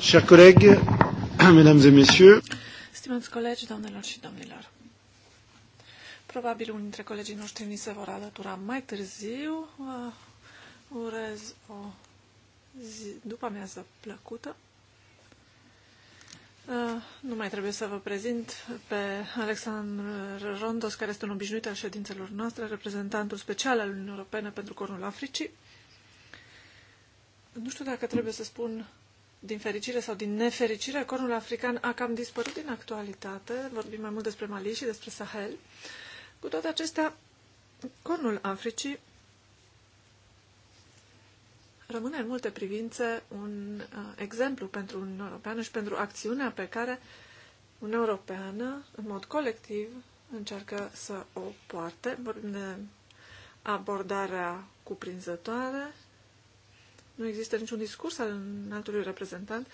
Chers collègues, mesdames et messieurs. Stimați colegi, doamnelor și domnilor. Probabil unii dintre colegii noștri ni se vor alătura mai târziu. Urez o zi, după amiază plăcută. Uh, nu mai trebuie să vă prezint pe Alexandru Rondos, care este un obișnuit al ședințelor noastre, reprezentantul special al Uniunii Europene pentru Cornul Africii. Nu știu dacă trebuie să spun din fericire sau din nefericire, cornul african a cam dispărut din actualitate. Vorbim mai mult despre Mali și despre Sahel. Cu toate acestea, cornul Africii rămâne în multe privințe un uh, exemplu pentru un, european și pentru acțiunea pe care un Europeană, în mod colectiv, încearcă să o poarte. Vorbim de abordarea cuprinzătoare nu există niciun discurs al înaltului reprezentant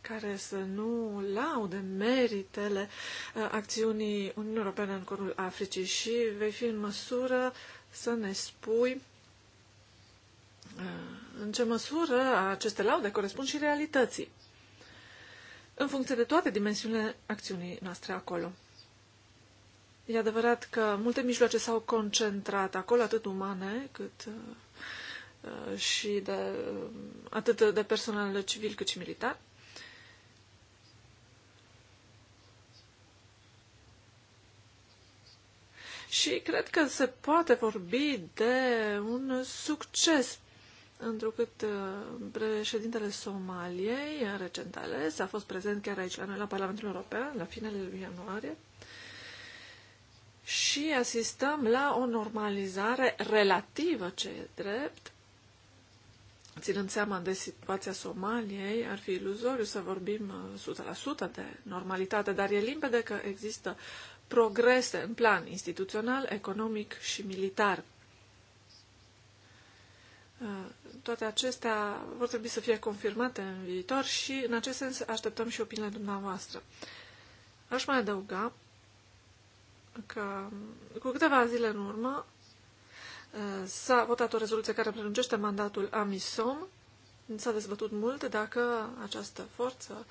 care să nu laude meritele uh, acțiunii Uniunii Europene în corul Africii și vei fi în măsură să ne spui uh, în ce măsură aceste laude corespund și realității, în funcție de toate dimensiunile acțiunii noastre acolo. E adevărat că multe mijloace s-au concentrat acolo, atât umane cât uh, Uh, și de, uh, atât de personal civil cât și militar. Și cred că se poate vorbi de un succes, întrucât uh, președintele Somaliei, recent ales, a fost prezent chiar aici la noi, la Parlamentul European, la finele lui ianuarie, și asistăm la o normalizare relativă ce e drept Ținând seama de situația Somaliei, ar fi iluzoriu să vorbim uh, 100% de normalitate, dar e limpede că există progrese în plan instituțional, economic și militar. Uh, toate acestea vor trebui să fie confirmate în viitor și, în acest sens, așteptăm și opiniile dumneavoastră. Aș mai adăuga că, cu câteva zile în urmă, S-a votat o rezoluție care prelungește mandatul AMISOM. S-a dezbătut mult dacă această forță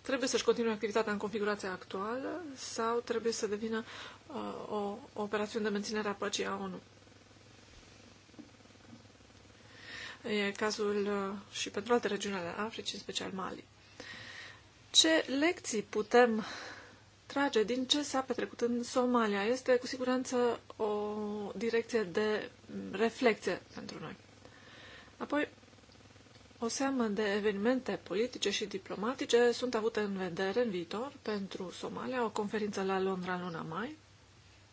trebuie să-și continue activitatea în configurația actuală sau trebuie să devină uh, o, o operațiune de menținere a păcii a ONU. E cazul uh, și pentru alte regiuni ale Africii, în special Mali. Ce lecții putem trage din ce s-a petrecut în Somalia. Este cu siguranță o direcție de reflexie pentru noi. Apoi, o seamă de evenimente politice și diplomatice sunt avute în vedere în viitor pentru Somalia, o conferință la Londra în luna mai,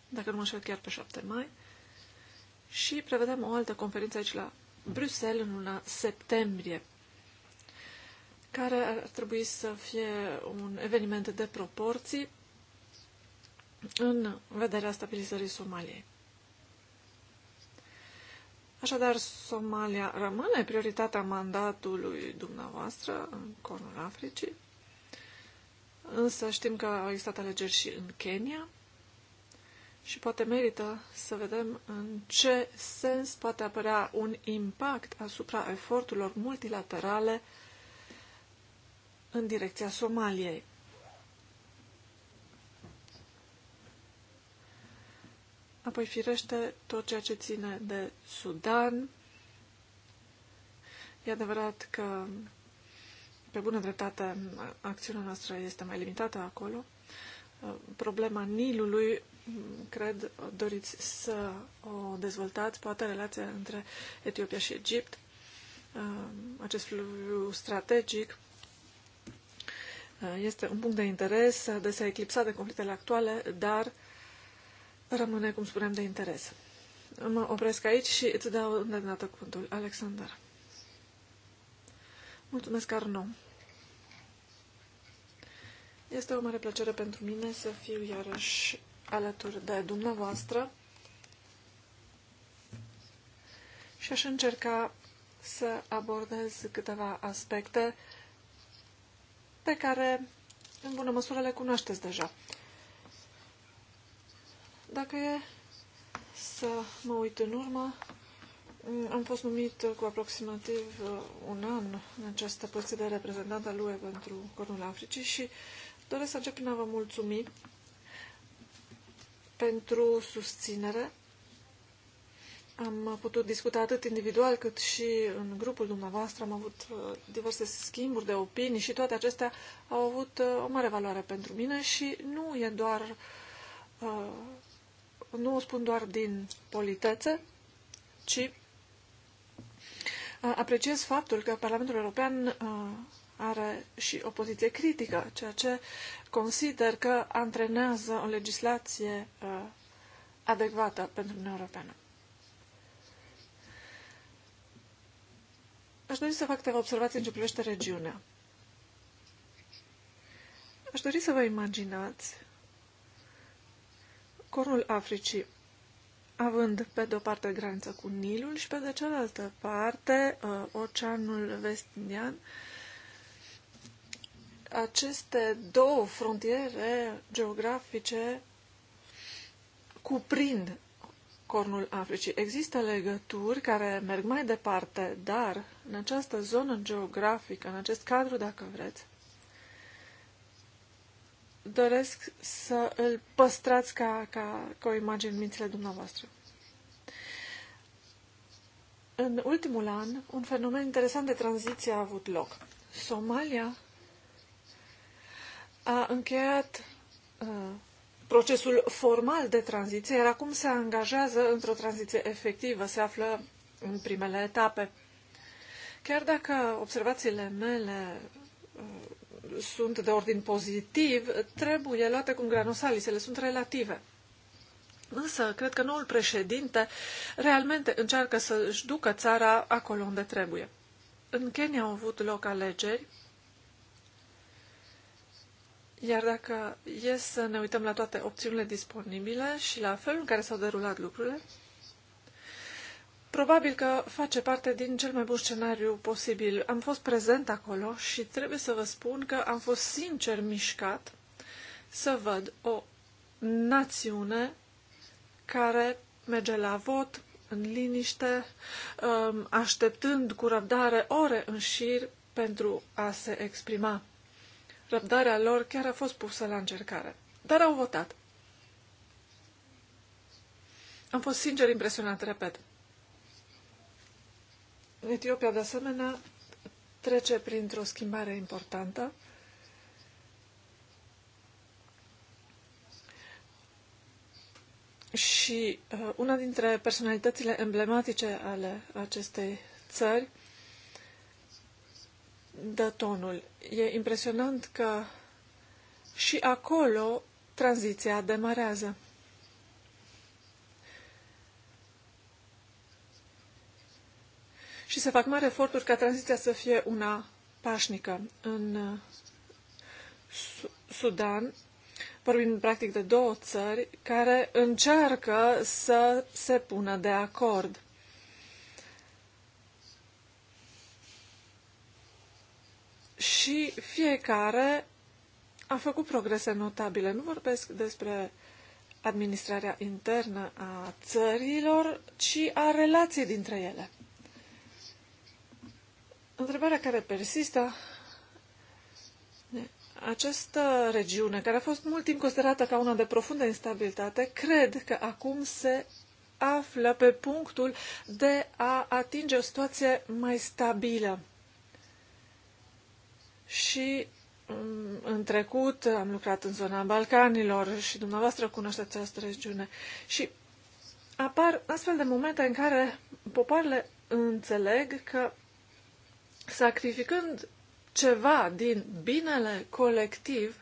dacă nu mă știu chiar pe 7 mai, și prevedem o altă conferință aici la Bruxelles în luna septembrie, care ar trebui să fie un eveniment de proporții în vederea stabilizării Somaliei. Așadar, Somalia rămâne prioritatea mandatului dumneavoastră în cornul Africii, însă știm că au existat alegeri și în Kenya și poate merită să vedem în ce sens poate apărea un impact asupra eforturilor multilaterale în direcția Somaliei. Apoi, firește, tot ceea ce ține de Sudan. E adevărat că, pe bună dreptate, acțiunea noastră este mai limitată acolo. Problema Nilului, cred, doriți să o dezvoltați, poate relația între Etiopia și Egipt, acest fluviu strategic, este un punct de interes, adesea eclipsat de conflictele actuale, dar uh, rămâne, cum spuneam, de interes. Mă opresc aici și îți dau îndemnată cuvântul. Alexander. Mulțumesc, Arno. Este o mare plăcere pentru mine să fiu iarăși alături de dumneavoastră și aș încerca să abordez câteva aspecte pe care, în bună măsură, le cunoașteți deja. Dacă e să mă uit în urmă, mm, am fost numit cu aproximativ uh, un an în această poziție de reprezentant al UE pentru Cornul Africii și doresc să încep prin a vă mulțumi pentru susținere. Am putut discuta atât individual cât și în grupul dumneavoastră. Am avut uh, diverse schimburi de opinii și toate acestea au avut uh, o mare valoare pentru mine și nu e doar uh, nu o spun doar din politețe, ci uh, apreciez faptul că Parlamentul European uh, are și o poziție critică, ceea ce consider că antrenează o legislație uh, adecvată pentru Uniunea Europeană. Aș dori să fac câteva observații în ce privește regiunea. Aș dori să vă imaginați Cornul Africii, având pe de-o parte graniță cu Nilul și pe de cealaltă parte uh, Oceanul Vest-Indian, aceste două frontiere geografice cuprind cornul Africii. Există legături care merg mai departe, dar în această zonă geografică, în acest cadru, dacă vreți, doresc să îl păstrați ca, ca, ca o imagine în mințile dumneavoastră. În ultimul an, un fenomen interesant de tranziție a avut loc. Somalia a încheiat uh, procesul formal de tranziție, iar acum se angajează într-o tranziție efectivă, se află în primele etape. Chiar dacă observațiile mele uh, sunt de ordin pozitiv, trebuie luate granosalii, ele sunt relative. Însă, cred că noul președinte realmente încearcă să-și ducă țara acolo unde trebuie. În Kenya au avut loc alegeri, iar dacă e să ne uităm la toate opțiunile disponibile și la felul în care s-au derulat lucrurile, probabil că face parte din cel mai bun scenariu posibil. Am fost prezent acolo și trebuie să vă spun că am fost sincer mișcat să văd o națiune care merge la vot în liniște, um, așteptând cu răbdare ore în șir pentru a se exprima. Răbdarea lor chiar a fost pusă la încercare, dar au votat. Am fost sincer impresionat, repet. Etiopia, de asemenea, trece printr-o schimbare importantă. Și uh, una dintre personalitățile emblematice ale acestei țări dă tonul. E impresionant că și acolo tranziția demarează. și se fac mari eforturi ca tranziția să fie una pașnică. În uh, Sudan vorbim practic de două țări care încearcă să se pună de acord. Și fiecare a făcut progrese notabile. Nu vorbesc despre administrarea internă a țărilor, ci a relației dintre ele. Întrebarea care persistă, această regiune, care a fost mult timp considerată ca una de profundă instabilitate, cred că acum se află pe punctul de a atinge o situație mai stabilă. Și mm, în trecut am lucrat în zona Balcanilor și dumneavoastră cunoașteți această regiune. Și apar astfel de momente în care popoarele înțeleg că sacrificând ceva din binele colectiv,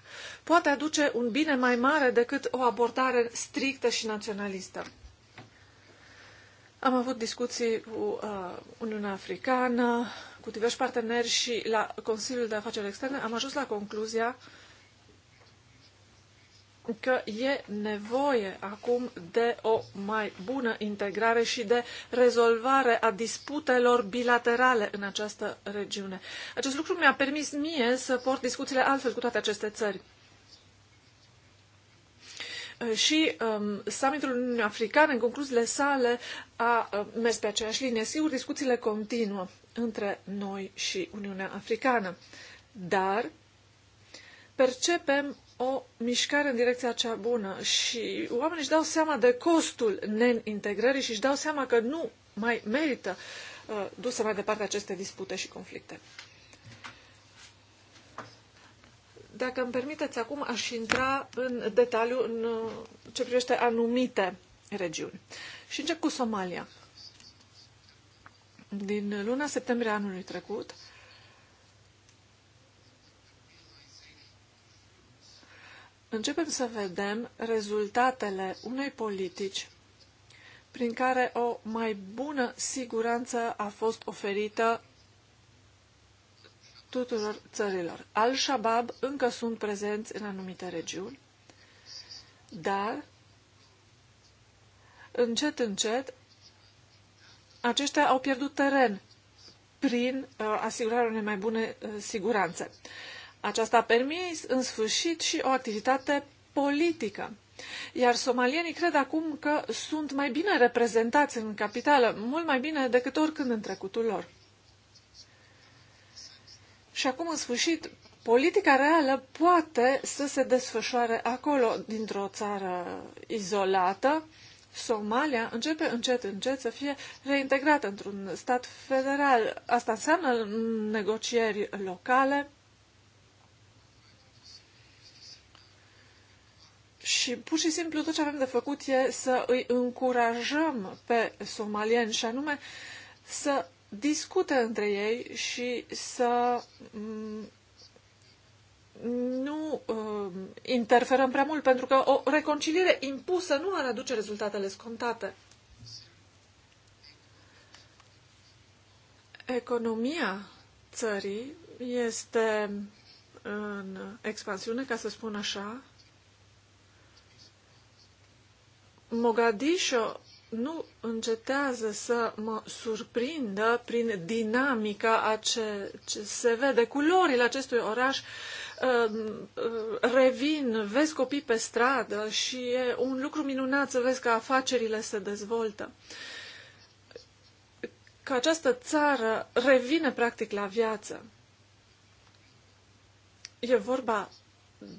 poate aduce un bine mai mare decât o abordare strictă și naționalistă. Am avut discuții cu uh, Uniunea Africană, cu diversi parteneri și la Consiliul de Afaceri Externe am ajuns la concluzia uh, că e nevoie acum de o mai bună integrare și de rezolvare a disputelor bilaterale în această regiune. Acest lucru mi-a permis mie să port discuțiile altfel cu toate aceste țări. Și um, summitul Uniunii Africane, în concluziile sale, a um, mers pe aceeași linie. Sigur, discuțiile continuă între noi și Uniunea Africană, dar percepem o mișcare în direcția cea bună și oamenii își dau seama de costul neintegrării și își dau seama că nu mai merită uh, dusă mai departe aceste dispute și conflicte. Dacă îmi permiteți acum, aș intra în detaliu în uh, ce privește anumite regiuni. Și încep cu Somalia. Din luna septembrie anului trecut, uh, începem să vedem rezultatele unei politici prin care o mai bună siguranță a fost oferită tuturor țărilor. Al-Shabaab încă sunt prezenți în anumite regiuni, dar încet, încet, aceștia au pierdut teren prin uh, asigurarea unei mai bune uh, siguranțe. Aceasta a permis, în sfârșit, și o activitate politică. Iar somalienii cred acum că sunt mai bine reprezentați în capitală, mult mai bine decât oricând în trecutul lor. Și acum, în sfârșit, politica reală poate să se desfășoare acolo, dintr-o țară izolată. Somalia începe încet, încet să fie reintegrată într-un stat federal. Asta înseamnă negocieri locale, Și pur și simplu tot ce avem de făcut e să îi încurajăm pe somalieni și anume să discute între ei și să mm, nu uh, interferăm prea mult, pentru că o reconciliere impusă nu ar aduce rezultatele scontate. Economia țării este în expansiune, ca să spun așa, Mogadisho nu încetează să mă surprindă prin dinamica a ce, ce se vede. Culorile acestui oraș uh, uh, revin, vezi copii pe stradă și e un lucru minunat să vezi că afacerile se dezvoltă. Că această țară revine practic la viață. E vorba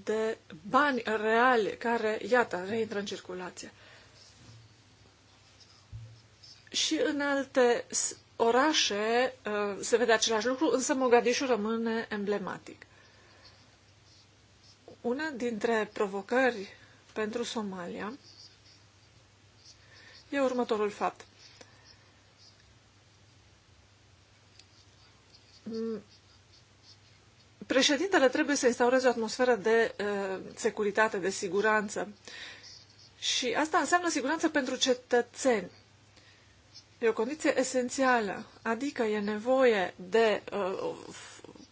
de bani reale care, iată, reintră în circulație. Și în alte orașe uh, se vede același lucru, însă Mogadishu rămâne emblematic. Una dintre provocări pentru Somalia e următorul fapt. Mm, președintele trebuie să instaureze o atmosferă de uh, securitate, de siguranță. Și asta înseamnă siguranță pentru cetățeni. E o condiție esențială, adică e nevoie de uh,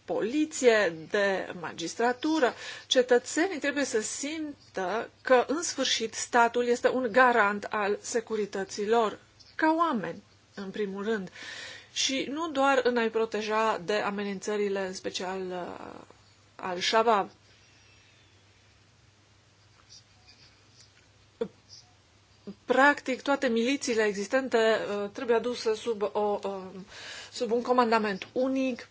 poliție, de magistratură. Cetățenii trebuie să simtă că, în sfârșit, statul este un garant al securității lor, ca oameni, în primul rând, și nu doar în a-i proteja de amenințările, în special uh, al Shabab. practic toate milițiile existente uh, trebuie aduse sub, o, uh, sub un comandament unic.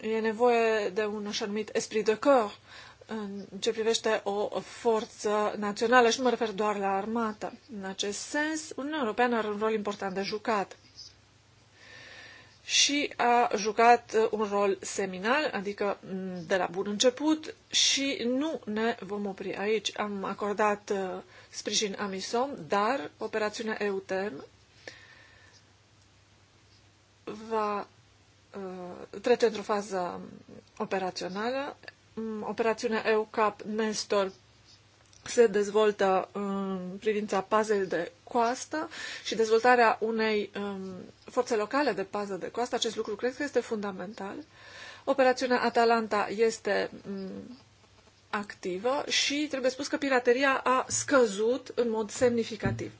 E nevoie de un așa numit esprit de corps în ce privește o forță națională și nu mă refer doar la armată. În acest sens, Uniunea Europeană are un rol important de jucat și a jucat uh, un rol seminal, adică mm, de la bun început și nu ne vom opri aici. Am acordat uh, sprijin AMISOM, dar operațiunea EUTM va uh, trece într-o fază operațională. Mm, operațiunea EUCAP Nestor se dezvoltă în um, privința pazei de coastă și dezvoltarea unei um, forțe locale de pază de coastă. Acest lucru cred că este fundamental. Operațiunea Atalanta este um, activă și trebuie spus că pirateria a scăzut în mod semnificativ.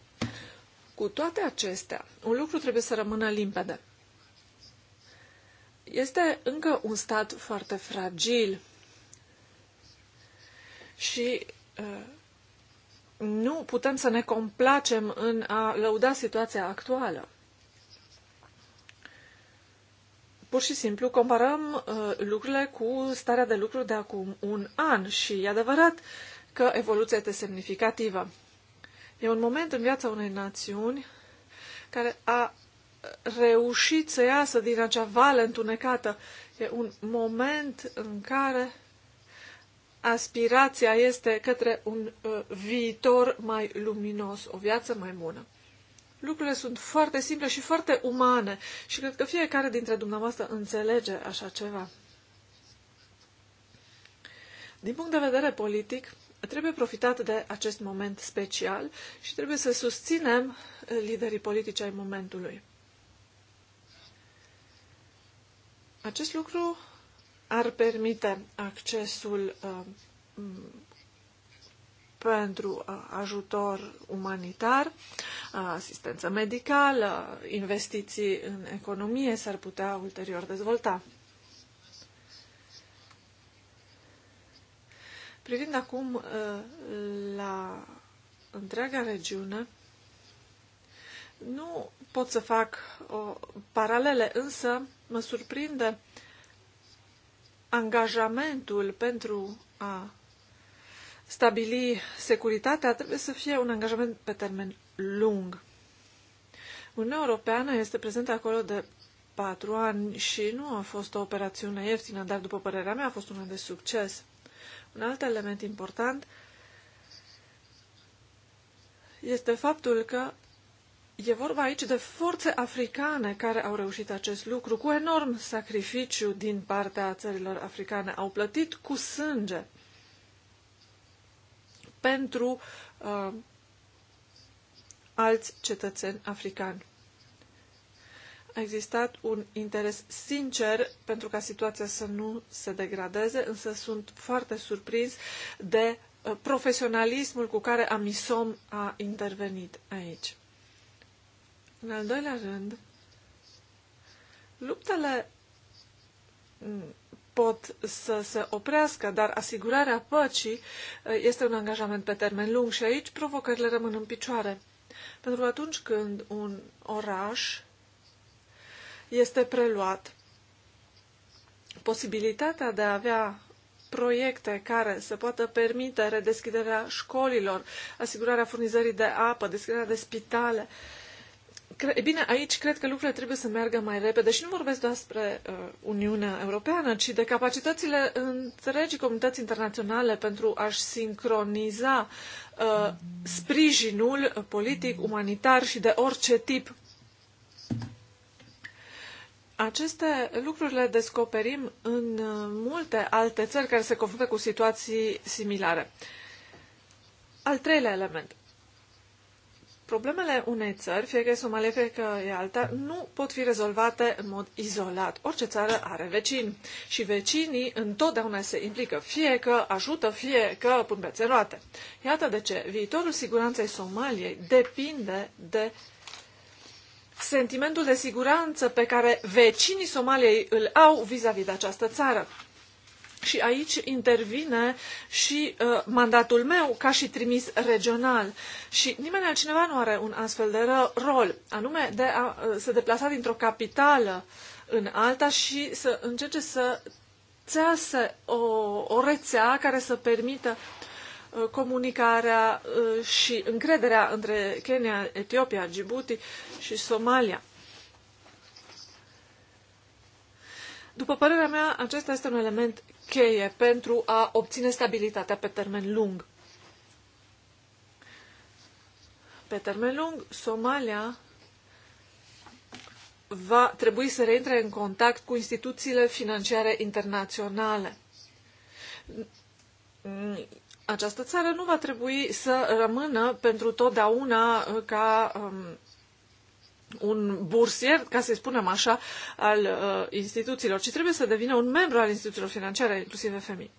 Cu toate acestea, un lucru trebuie să rămână limpede. Este încă un stat foarte fragil și uh, nu putem să ne complacem în a lăuda situația actuală. Pur și simplu comparăm uh, lucrurile cu starea de lucru de acum un an și e adevărat că evoluția este semnificativă. E un moment în viața unei națiuni care a reușit să iasă din acea vale întunecată. E un moment în care aspirația este către un uh, viitor mai luminos, o viață mai bună. Lucrurile sunt foarte simple și foarte umane și cred că fiecare dintre dumneavoastră înțelege așa ceva. Din punct de vedere politic, trebuie profitat de acest moment special și trebuie să susținem uh, liderii politici ai momentului. Acest lucru ar permite accesul uh, pentru uh, ajutor umanitar, uh, asistență medicală, investiții în economie s-ar putea ulterior dezvolta. Privind acum la întreaga regiune, nu pot să fac o paralele, însă mă surprinde uh, angajamentul pentru a stabili securitatea trebuie să fie un angajament pe termen lung. Uniunea Europeană este prezentă acolo de patru ani și nu a fost o operațiune ieftină, dar după părerea mea a fost una de succes. Un alt element important este faptul că E vorba aici de forțe africane care au reușit acest lucru cu enorm sacrificiu din partea țărilor africane. Au plătit cu sânge pentru uh, alți cetățeni africani. A existat un interes sincer pentru ca situația să nu se degradeze, însă sunt foarte surprins de uh, profesionalismul cu care Amisom a intervenit aici. În al doilea rând, luptele pot să se oprească, dar asigurarea păcii este un angajament pe termen lung și aici provocările rămân în picioare. Pentru că atunci când un oraș este preluat, posibilitatea de a avea proiecte care se poată permite redeschiderea școlilor, asigurarea furnizării de apă, deschiderea de spitale, uh, E bine, aici cred că lucrurile trebuie să meargă mai repede și nu vorbesc doar despre uh, Uniunea Europeană, ci de capacitățile întregii comunități internaționale pentru a-și sincroniza uh, sprijinul politic, umanitar și de orice tip. Aceste lucruri le descoperim în uh, multe alte țări care se confruntă cu situații similare. Al treilea element problemele unei țări, fie că e Somalia, fie că e alta, nu pot fi rezolvate în mod izolat. Orice țară are vecini și vecinii întotdeauna se implică, fie că ajută, fie că pun bețe roate. Iată de ce viitorul siguranței Somaliei depinde de sentimentul de siguranță pe care vecinii Somaliei îl au vis a -vis de această țară. Și aici intervine și uh, mandatul meu ca și trimis regional. Și nimeni altcineva nu are un astfel de rol, anume de a uh, se deplasa dintr-o capitală în alta și să încerce să țeasă o, o rețea care să permită uh, comunicarea uh, și încrederea între Kenya, Etiopia, Djibouti și Somalia. După părerea mea, acesta este un element cheie pentru a obține stabilitatea pe termen lung. Pe termen lung, Somalia va trebui să reintre în contact cu instituțiile financiare internaționale. Această țară nu va trebui să rămână pentru totdeauna ca um, un bursier, ca să-i spunem așa, al uh, instituțiilor, ci trebuie să devină un membru al instituțiilor financiare, inclusiv FMI.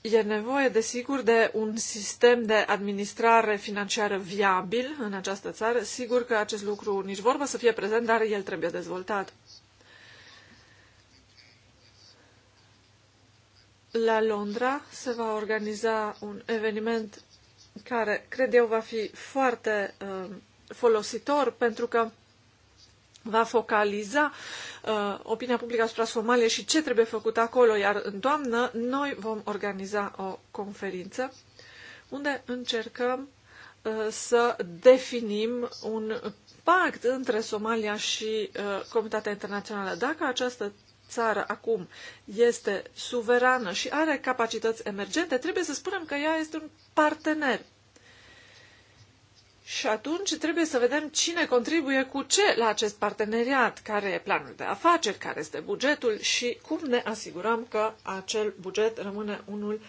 E nevoie, desigur, de un sistem de administrare financiară viabil în această țară. Sigur că acest lucru nici vorba să fie prezent, dar el trebuie dezvoltat. La Londra se va organiza un eveniment care cred eu va fi foarte uh, folositor pentru că va focaliza uh, opinia publică asupra Somaliei și ce trebuie făcut acolo, iar în toamnă noi vom organiza o conferință unde încercăm uh, să definim un pact între Somalia și uh, Comunitatea Internațională. Dacă această țară acum este suverană și are capacități emergente, trebuie să spunem că ea este un partener. Și atunci trebuie să vedem cine contribuie cu ce la acest parteneriat, care e planul de afaceri, care este bugetul și cum ne asigurăm că acel buget rămâne unul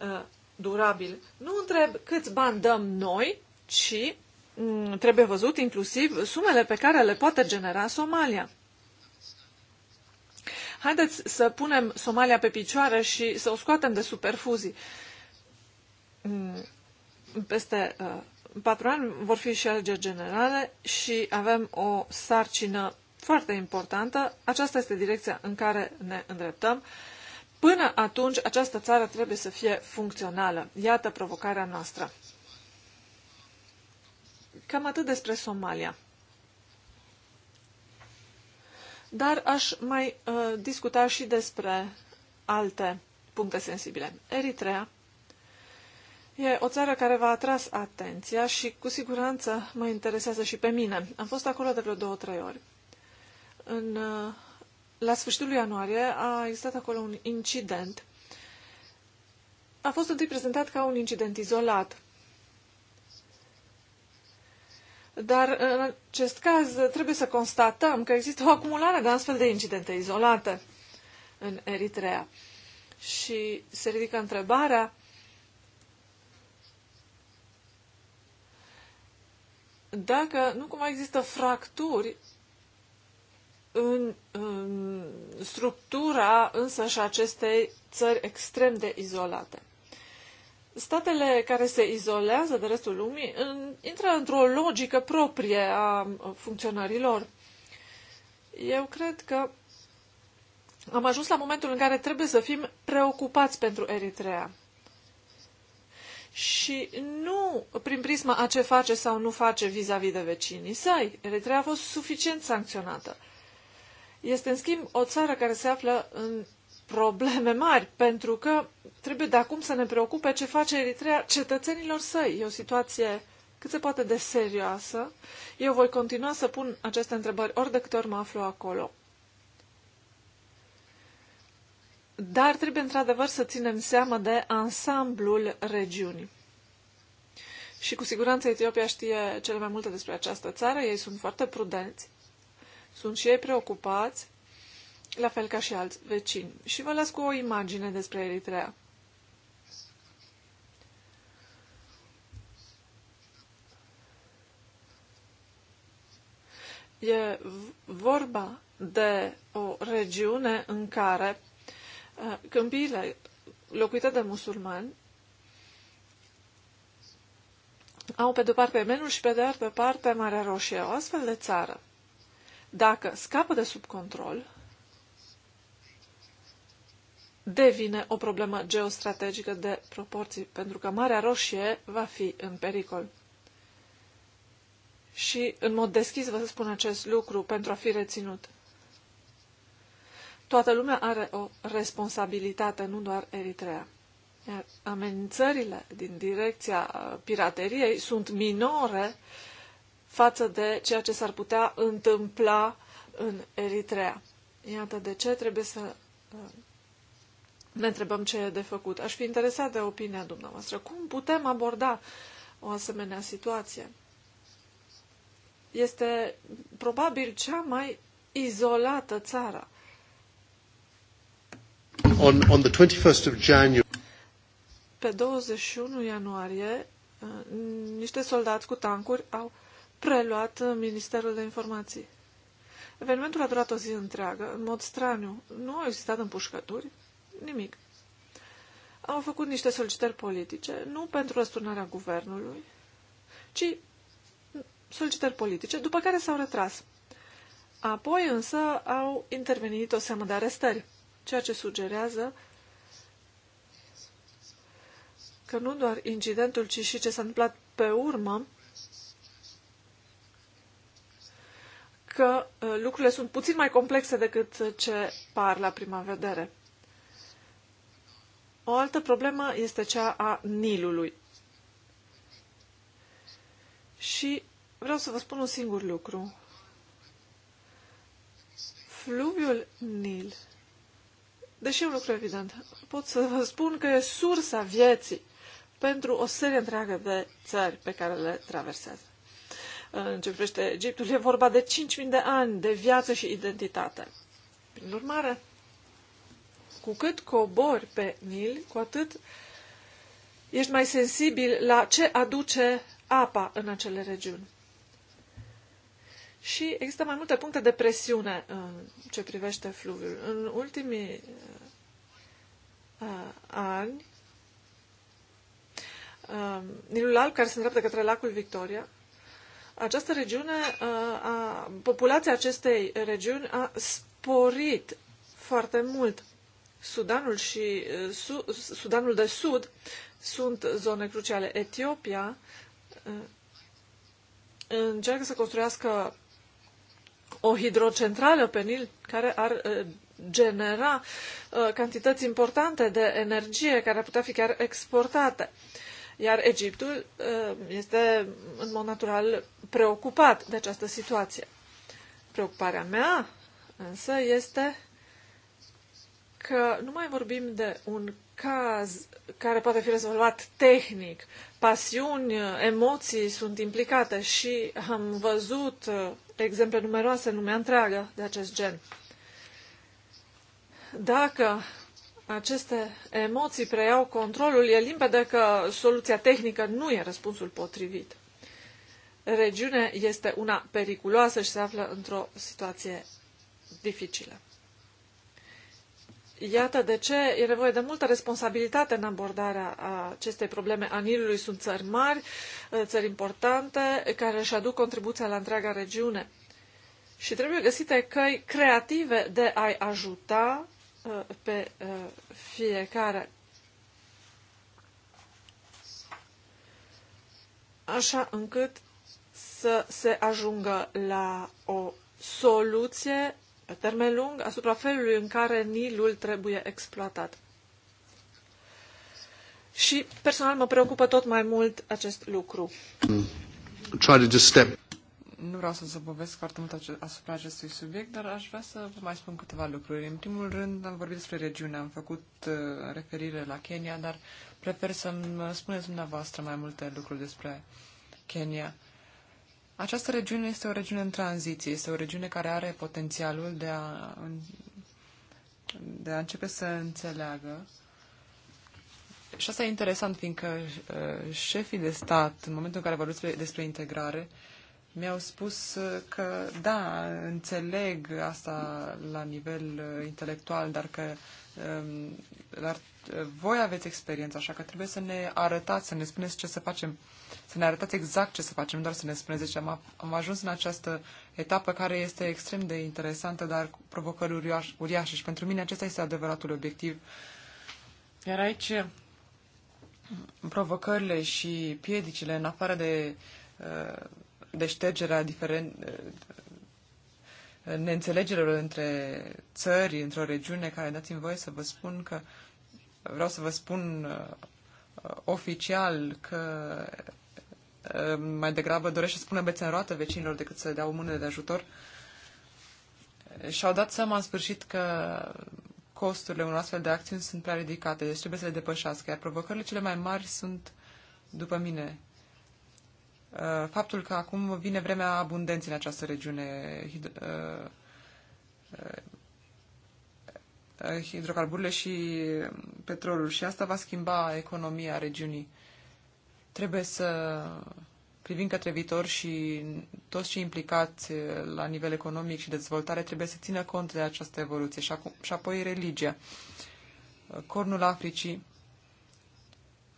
uh, durabil. Nu întreb câți bani dăm noi, ci mm, trebuie văzut inclusiv sumele pe care le poate genera Somalia. Haideți să punem Somalia pe picioare și să o scoatem de superfuzii. Mm, peste uh, patru ani vor fi și alegeri generale și avem o sarcină foarte importantă. Aceasta este direcția în care ne îndreptăm. Până atunci, această țară trebuie să fie funcțională. Iată provocarea noastră. Cam atât despre Somalia dar aș mai uh, discuta și despre alte puncte sensibile. Eritrea e o țară care v-a atras atenția și cu siguranță mă interesează și pe mine. Am fost acolo de vreo două, trei ori. În, uh, la sfârșitul lui ianuarie a existat acolo un incident. A fost întâi prezentat ca un incident izolat, dar în acest caz trebuie să constatăm că există o acumulare de astfel de incidente izolate în Eritrea. Și se ridică întrebarea dacă nu cumva există fracturi în, în structura însăși acestei țări extrem de izolate statele care se izolează de restul lumii în, intră într-o logică proprie a funcționarilor. Eu cred că am ajuns la momentul în care trebuie să fim preocupați pentru Eritrea. Și nu prin prisma a ce face sau nu face vis-a-vis -vis de vecinii săi. Eritrea a fost suficient sancționată. Este, în schimb, o țară care se află în probleme mari, pentru că trebuie de acum să ne preocupe ce face Eritrea cetățenilor săi. E o situație cât se poate de serioasă. Eu voi continua să pun aceste întrebări ori de câte ori mă aflu acolo. Dar trebuie într-adevăr să ținem seama de ansamblul regiunii. Și cu siguranță Etiopia știe cele mai multe despre această țară, ei sunt foarte prudenți, sunt și ei preocupați la fel ca și alți vecini. Și vă las cu o imagine despre Eritrea. E vorba de o regiune în care uh, câmpiile locuite de musulmani au pe de-o parte menul și pe de altă parte Marea Roșie, o astfel de țară. Dacă scapă de sub control, devine o problemă geostrategică de proporții, pentru că Marea Roșie va fi în pericol. Și, în mod deschis, vă spun acest lucru pentru a fi reținut. Toată lumea are o responsabilitate, nu doar Eritrea. Iar amenințările din direcția pirateriei sunt minore față de ceea ce s-ar putea întâmpla în Eritrea. Iată de ce trebuie să uh, ne întrebăm ce e de făcut. Aș fi interesat de opinia dumneavoastră. Cum putem aborda o asemenea situație? Este probabil cea mai izolată țară. On, on the 21st of January... Pe 21 ianuarie, uh, niște soldați cu tancuri au preluat uh, Ministerul de Informații. Evenimentul a durat o zi întreagă, în mod straniu. Nu au existat împușcături, nimic. Am făcut niște solicitări politice, nu pentru răsturnarea guvernului, ci solicitări politice, după care s-au retras. Apoi însă au intervenit o seamă de arestări, ceea ce sugerează că nu doar incidentul, ci și ce s-a întâmplat pe urmă, că uh, lucrurile sunt puțin mai complexe decât ce par la prima vedere. O altă problemă este cea a Nilului. Și vreau să vă spun un singur lucru. Fluviul Nil, deși e un lucru evident, pot să vă spun că e sursa vieții pentru o serie întreagă de țări pe care le traversează. În ce privește Egiptul, e vorba de 5.000 de ani de viață și identitate. Prin urmare, cu cât cobori pe Nil, cu atât ești mai sensibil la ce aduce apa în acele regiuni. Și există mai multe puncte de presiune în ce privește fluviul. În ultimii uh, ani, uh, Nilul Alb, care se îndreaptă către lacul Victoria, această regiune, uh, a, populația acestei regiuni a sporit foarte mult. Sudanul și uh, Su, Sudanul de Sud sunt zone cruciale. Etiopia uh, încearcă să construiască o hidrocentrală pe Nil care ar uh, genera cantități importante de energie care ar putea fi chiar exportate. Iar Egiptul este în mod natural preocupat de această situație. Preocuparea mea însă este că nu mai vorbim de un caz care poate fi rezolvat tehnic. Pasiuni, emoții sunt implicate și am văzut uh, exemple numeroase în lumea întreagă de acest gen. Dacă aceste emoții preiau controlul, e limpede că soluția tehnică nu e răspunsul potrivit. Regiunea este una periculoasă și se află într-o situație dificilă. Iată de ce e nevoie de multă responsabilitate în abordarea acestei probleme a Nilului. Sunt țări mari, uh, țări importante, care își aduc contribuția la întreaga regiune. Și trebuie găsite căi creative de a-i ajuta uh, pe uh, fiecare. Așa încât să se ajungă la o soluție pe termen lung asupra felului în care Nilul trebuie exploatat. Și personal mă preocupă tot mai mult acest lucru. Try to just step. Nu vreau să zăbovesc foarte mult asupra acestui subiect, dar aș vrea să vă mai spun câteva lucruri. În primul rând, am vorbit despre regiune, am făcut uh, referire la Kenya, dar prefer să-mi spuneți dumneavoastră mai multe lucruri despre Kenya. Această regiune este o regiune în tranziție, este o regiune care are potențialul de a, de a începe să înțeleagă. Și asta e interesant, fiindcă uh, șefii de stat, în momentul în care vorbesc despre integrare, mi-au spus uh, că, da, înțeleg asta la nivel uh, intelectual, dar că um, dar uh, voi aveți experiență, așa că trebuie să ne arătați, să ne spuneți ce să facem, să ne arătați exact ce să facem, doar să ne spuneți. Deci am, am ajuns în această etapă care este extrem de interesantă, dar cu provocări uriaș, uriașe și pentru mine acesta este adevăratul obiectiv. Iar aici provocările și piedicile, în afară de uh, de ștergerea diferent, eh, neînțelegerilor între țări, într-o regiune, care dați-mi voie să vă spun că vreau să vă spun eh, oficial că eh, mai degrabă dorește să spună bețe în roată vecinilor decât să dea o mână de ajutor. Și-au dat seama în sfârșit că costurile unor astfel de acțiuni sunt prea ridicate, deci trebuie să le depășească, iar provocările cele mai mari sunt, după mine, Uh, faptul că acum vine vremea abundenței în această regiune. Uh, uh, hidrocarburile și petrolul și asta va schimba economia regiunii. Trebuie să privim către viitor și toți cei implicați la nivel economic și dezvoltare trebuie să țină cont de această evoluție și, acum, și apoi religia. Cornul Africii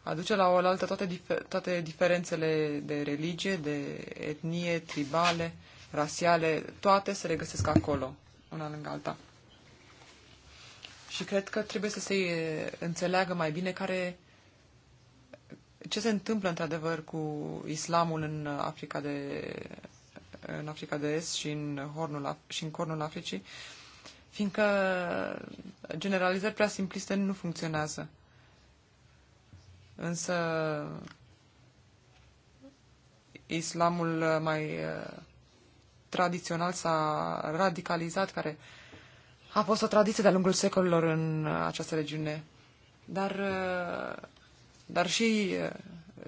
aduce la oaltă toate, difer- toate diferențele de religie, de etnie, tribale, rasiale, toate se regăsesc acolo, una lângă alta. Și cred că trebuie să se înțeleagă mai bine care, ce se întâmplă într-adevăr cu islamul în Africa de, în Africa de Est și în, hornul, și în cornul Africii, fiindcă generalizări prea simpliste nu funcționează. Însă islamul uh, mai uh, tradițional s-a radicalizat, care a fost o tradiție de-a lungul secolilor în uh, această regiune. Dar, dar și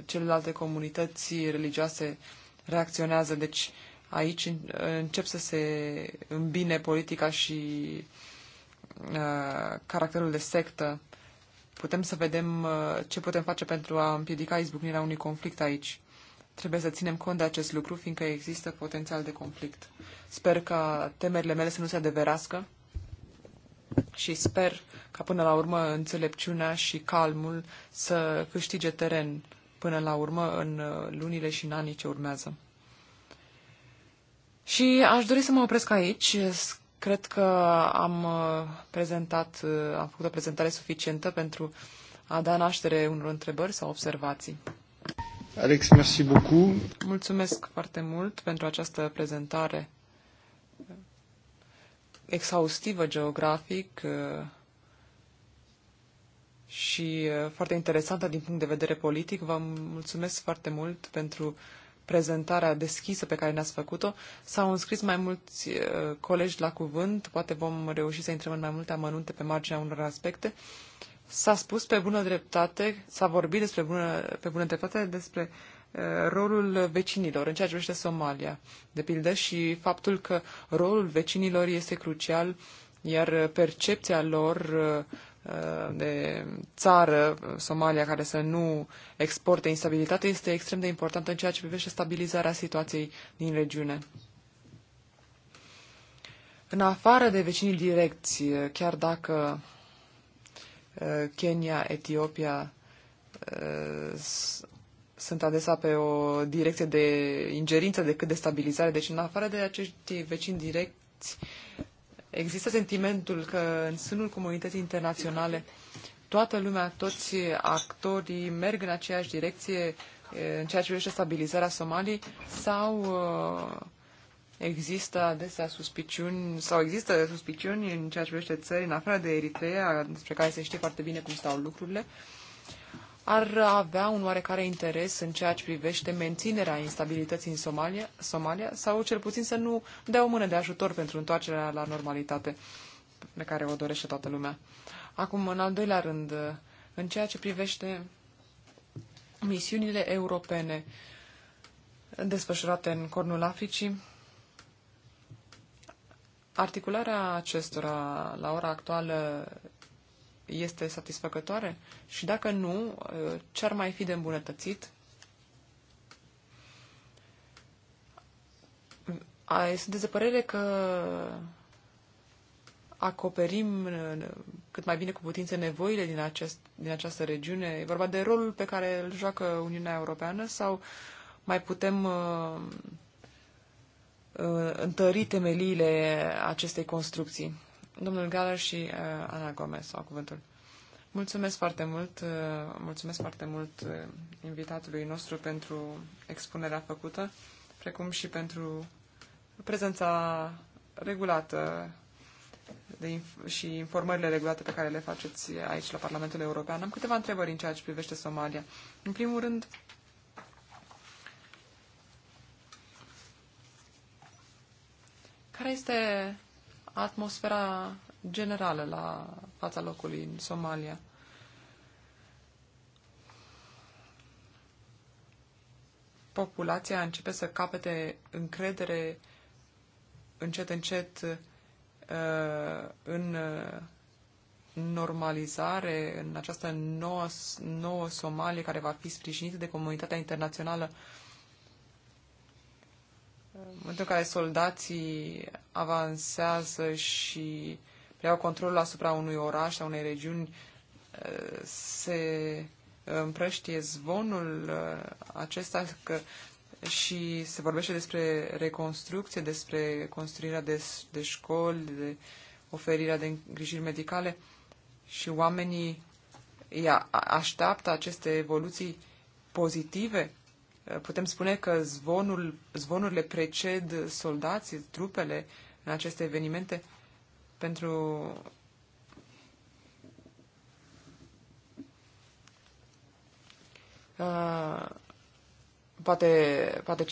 celelalte comunități religioase reacționează. Deci aici încep să se îmbine politica și uh, caracterul de sectă putem să vedem uh, ce putem face pentru a împiedica izbucnirea unui conflict aici. Trebuie să ținem cont de acest lucru, fiindcă există potențial de conflict. Sper ca temerile mele să nu se adeverească și sper ca până la urmă înțelepciunea și calmul să câștige teren până la urmă în uh, lunile și în anii ce urmează. Și aș dori să mă opresc aici. Cred că am uh, prezentat, uh, am făcut o prezentare suficientă pentru a da naștere unor întrebări sau observații. Alex, merci beaucoup. Mulțumesc foarte mult pentru această prezentare uh, exhaustivă geografic și foarte interesantă din punct de vedere politic. Vă mulțumesc foarte mult pentru prezentarea deschisă pe care ne-ați făcut-o. S-au înscris mai mulți uh, colegi la cuvânt, poate vom reuși să intrăm în mai multe amănunte pe marginea unor aspecte. S-a spus pe bună dreptate, s-a vorbit despre bună, pe bună dreptate despre uh, rolul vecinilor în ceea ce privește Somalia, de pildă, și faptul că rolul vecinilor este crucial, iar percepția lor uh, Uh, de țară, Somalia, care să nu exporte instabilitate, este extrem de importantă în ceea ce privește stabilizarea situației din regiune. În afară de vecinii direcți, uh, chiar dacă uh, Kenya, Etiopia sunt adesea pe o direcție de ingerință decât de stabilizare, deci în afară de acești vecini direcți, Există sentimentul că în sânul comunității internaționale toată lumea, toți actorii merg în aceeași direcție eh, în ceea ce privește stabilizarea Somaliei sau eh, există adesea suspiciuni sau există suspiciuni în ceea ce privește țări în afară de Eritrea, despre care se știe foarte bine cum stau lucrurile ar avea un oarecare interes în ceea ce privește menținerea instabilității în Somalia, Somalia sau cel puțin să nu dea o mână de ajutor pentru întoarcerea la normalitate pe care o dorește toată lumea. Acum, în al doilea rând, în ceea ce privește misiunile europene desfășurate în Cornul Africii, articularea acestora la ora actuală este satisfăcătoare? Și dacă nu, ă, ce ar mai fi de îmbunătățit? Sunt de părere că acoperim ă, cât mai bine cu putință nevoile din, acest, din această regiune? E vorba de rolul pe care îl joacă Uniunea Europeană sau mai putem uh, întări temeliile acestei construcții? Domnul Galler și uh, Ana Gomez au cuvântul. Mulțumesc foarte mult, uh, mulțumesc foarte mult uh, invitatului nostru pentru expunerea făcută, precum și pentru prezența regulată de inf- și informările regulate pe care le faceți aici la Parlamentul European. Am câteva întrebări în ceea ce privește Somalia. În primul rând, care este atmosfera generală la fața locului în Somalia. Populația începe să capete încredere încet, încet uh, în uh, normalizare, în această nouă, nouă Somalie care va fi sprijinită de comunitatea internațională uh, în momentul în care soldații avansează și preiau controlul asupra unui oraș sau unei regiuni, se împrăștie zvonul uh, acesta că și se vorbește despre reconstrucție, despre construirea de, de școli, de oferirea de îngrijiri medicale și oamenii ia, așteaptă aceste evoluții pozitive putem spune că zvonul, zvonurile preced soldații, trupele în aceste evenimente pentru Uh, poate, poate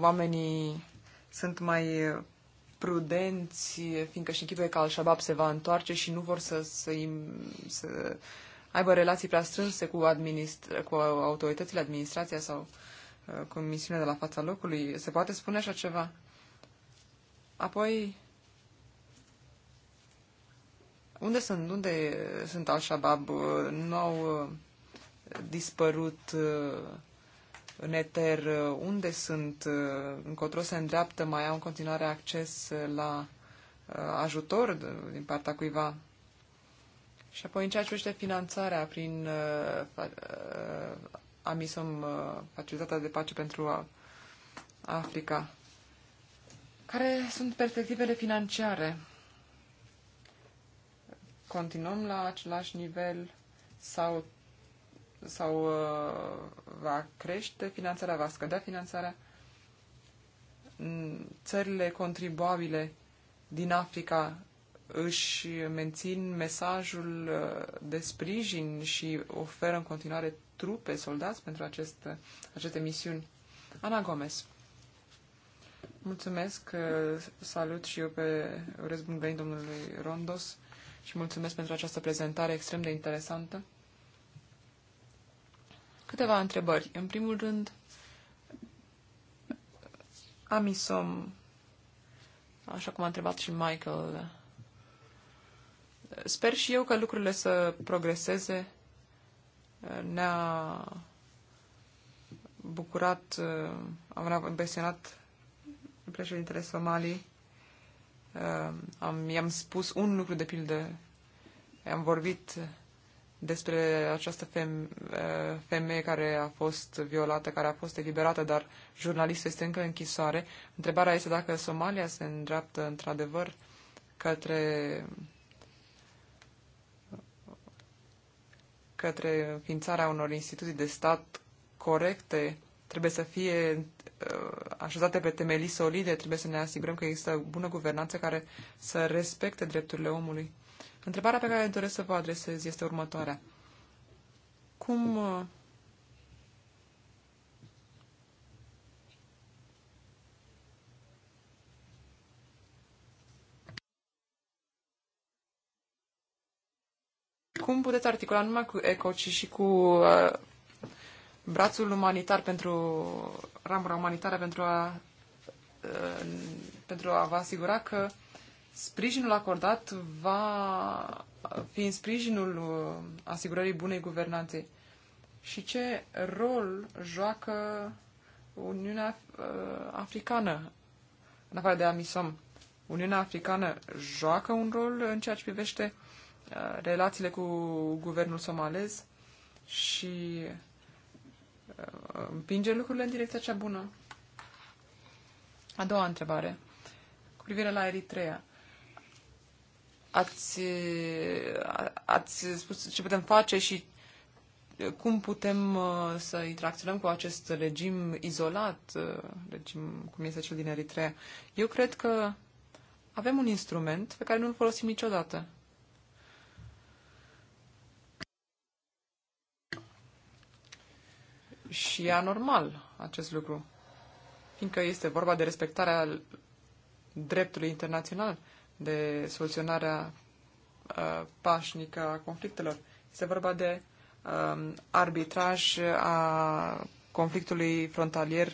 oamenii sunt mai prudenți, fiindcă și închipuie că Al-Shabaab se va întoarce și nu vor să, să, să aibă relații prea strânse cu, administra- cu autoritățile, administrația sau Uh, cu misiunea de la fața locului. Se poate spune așa ceva? Apoi, unde sunt, unde sunt Al-Shabaab? Nu au uh, dispărut uh, în eter? Unde sunt? Încotro se îndreaptă? Mai au în continuare acces la ajutor din partea cuiva? Și apoi, în ceea ce privește finanțarea prin AMISOM, uh, Facilitatea de Pace pentru Africa. Care sunt perspectivele financiare? Continuăm la același nivel sau, sau uh, va crește finanțarea, va scădea finanțarea? Mm, țările contribuabile din Africa își mențin mesajul uh, de sprijin și oferă în continuare trupe, soldați pentru acest, aceste misiuni. Ana Gomez. Mulțumesc, uh, salut și eu pe urez bun venit domnului Rondos și mulțumesc pentru această prezentare extrem de interesantă. Câteva întrebări. În primul rând, Amisom, așa cum a întrebat și Michael, sper și eu că lucrurile să progreseze ne-a bucurat, uh, am impresionat președintele Somalii. Uh, am, i-am spus un lucru de pildă, am vorbit despre această uh, femeie care a fost violată, care a fost eliberată, dar jurnalistul este încă închisoare. Întrebarea este dacă Somalia se îndreaptă într-adevăr către către înființarea unor instituții de stat corecte trebuie să fie uh, așezate pe temelii solide, trebuie să ne asigurăm că există bună guvernanță care să respecte drepturile omului. Întrebarea pe care doresc să vă adresez este următoarea. Cum uh, cum puteți articula numai cu ECO, ci și cu uh, brațul umanitar pentru ramura umanitară pentru a, uh, pentru a vă asigura că sprijinul acordat va fi în sprijinul uh, asigurării bunei guvernanței. Și ce rol joacă Uniunea uh, Africană, în afară de Amisom? Uniunea Africană joacă un rol în ceea ce privește Uh, relațiile cu guvernul somalez și uh, împinge lucrurile în direcția cea bună. A doua întrebare, cu privire la Eritrea. Ați, uh, ați spus ce putem face și cum putem să interacționăm cu acest regim izolat, regim cum este cel din Eritrea. Eu cred că avem un instrument pe care nu-l folosim niciodată. și anormal acest lucru, fiindcă este vorba de respectarea dreptului internațional, de soluționarea uh, pașnică a conflictelor. Este vorba de uh, arbitraj a conflictului frontalier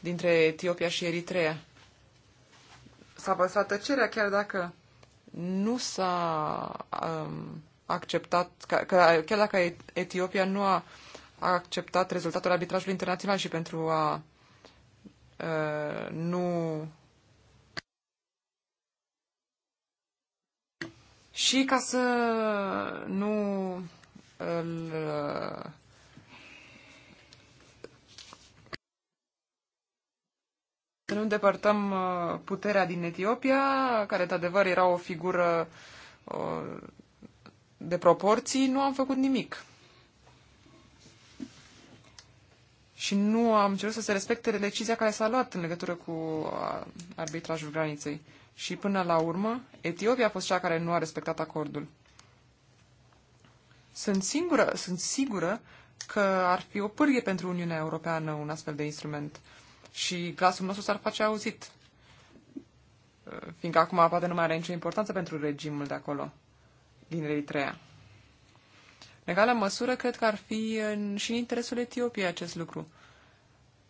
dintre Etiopia și Eritrea. S-a păstrat tăcerea chiar dacă nu s-a um, acceptat, că, că, chiar dacă Etiopia nu a a acceptat rezultatul arbitrajului internațional și pentru a uh, nu. Și ca să nu îl Să nu îndepărtăm puterea din Etiopia, care, într-adevăr, era o figură de proporții, nu am făcut nimic. și nu am cerut să se respecte decizia care s-a luat în legătură cu uh, arbitrajul graniței. Și până la urmă, Etiopia a fost cea care nu a respectat acordul. Sunt, singură, sunt sigură că ar fi o pârghie pentru Uniunea Europeană un astfel de instrument și glasul nostru s-ar face auzit. Uh, fiindcă acum poate nu mai are nicio importanță pentru regimul de acolo, din Eritrea egală măsură, cred că ar fi în, și în interesul Etiopiei acest lucru.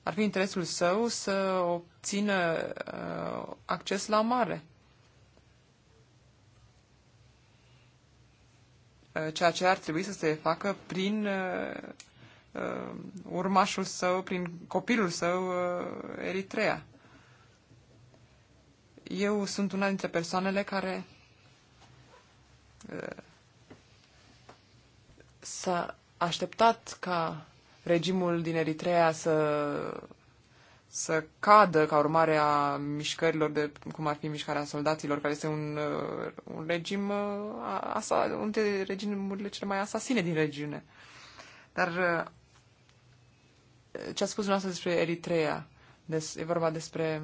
Ar fi interesul său să obțină uh, acces la mare. Uh, ceea ce ar trebui să se facă prin uh, uh, urmașul său, prin copilul său, uh, Eritrea. Eu sunt una dintre persoanele care uh, s-a așteptat ca regimul din Eritrea să, să cadă ca urmare a mișcărilor, de, cum ar fi mișcarea soldaților, care este un, uh, un regim, uh, asa, unul dintre regimurile cele mai asasine din regiune. Dar uh, ce a spus dumneavoastră despre Eritrea, des, e vorba despre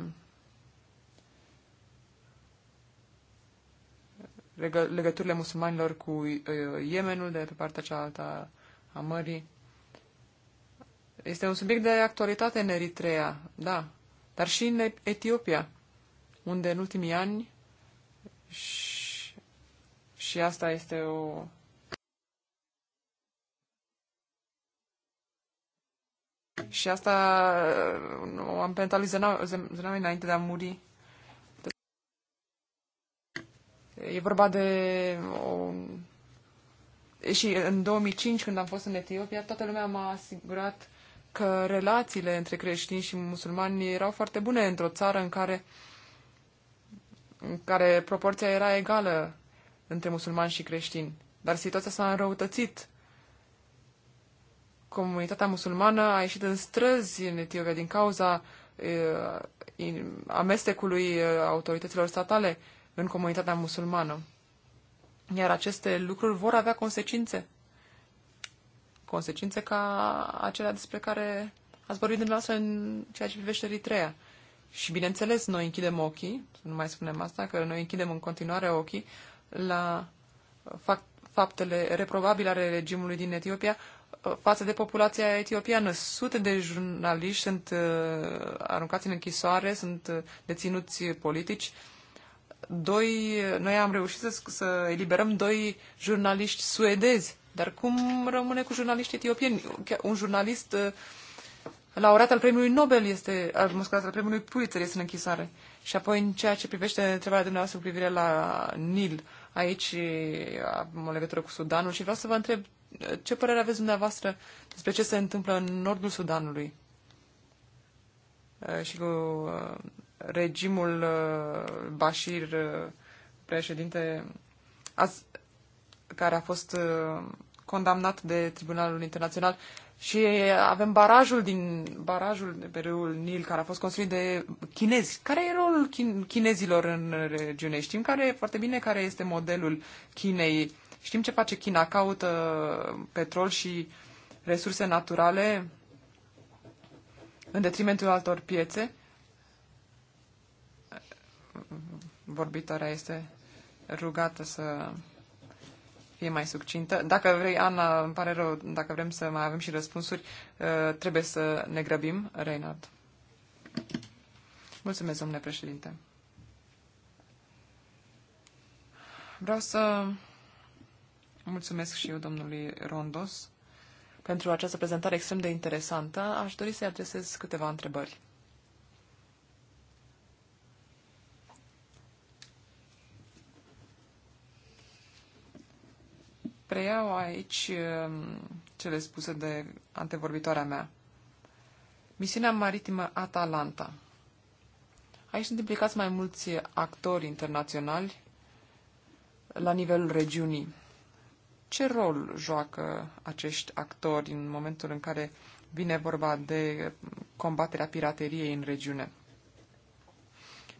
legăturile musulmanilor cu uh, Yemenul de pe partea cealaltă a mării. Este un subiect de actualitate în Eritrea, da, dar și în Etiopia, unde în ultimii ani și, și asta este o Și asta uh, o am penalizat înainte de a muri. E vorba de o... Și în 2005, când am fost în Etiopia, toată lumea m-a asigurat că relațiile între creștini și musulmani erau foarte bune într-o țară în care, în care proporția era egală între musulmani și creștini. Dar situația s-a înrăutățit. Comunitatea musulmană a ieșit în străzi în Etiopia din cauza amestecului autorităților statale în comunitatea musulmană. Iar aceste lucruri vor avea consecințe. Consecințe ca acelea despre care ați vorbit dumneavoastră în ceea ce privește Eritrea. Și bineînțeles, noi închidem ochii, nu mai spunem asta, că noi închidem în continuare ochii la fapt, faptele reprobabile ale regimului din Etiopia uh, față de populația etiopiană. Sute de jurnaliști sunt uh, aruncați în închisoare, sunt uh, deținuți politici, uh, doi, noi am reușit să, să eliberăm doi jurnaliști suedezi. Dar cum rămâne cu jurnaliști etiopieni? Un jurnalist uh, laureat al premiului Nobel este, al, uh, mă scuzați, al premiului Pulitzer este în închisoare. Și apoi în ceea ce privește întrebarea dumneavoastră cu privire la Nil, aici uh, am o legătură cu Sudanul și vreau să vă întreb ce părere aveți dumneavoastră despre ce se întâmplă în nordul Sudanului și cu regimul uh, Bashir, uh, președinte, care a fost uh, condamnat de Tribunalul Internațional și avem barajul din barajul de pe râul Nil care a fost construit de chinezi. Care e rolul chinezilor în regiune? Știm care, foarte bine care este modelul Chinei. Știm ce face China, caută petrol și resurse naturale în detrimentul altor piețe vorbitoarea este rugată să fie mai succintă. Dacă vrei, Ana, îmi pare rău, dacă vrem să mai avem și răspunsuri, uh, trebuie să ne grăbim. Reinhard. Mulțumesc, domnule președinte. Vreau să mulțumesc și eu domnului Rondos pentru această prezentare extrem de interesantă. Aș dori să-i adresez câteva întrebări. preiau aici um, cele spuse de antevorbitoarea mea. Misiunea maritimă Atalanta. Aici sunt implicați mai mulți actori internaționali la nivelul regiunii. Ce rol joacă acești actori în momentul în care vine vorba de combaterea pirateriei în regiune?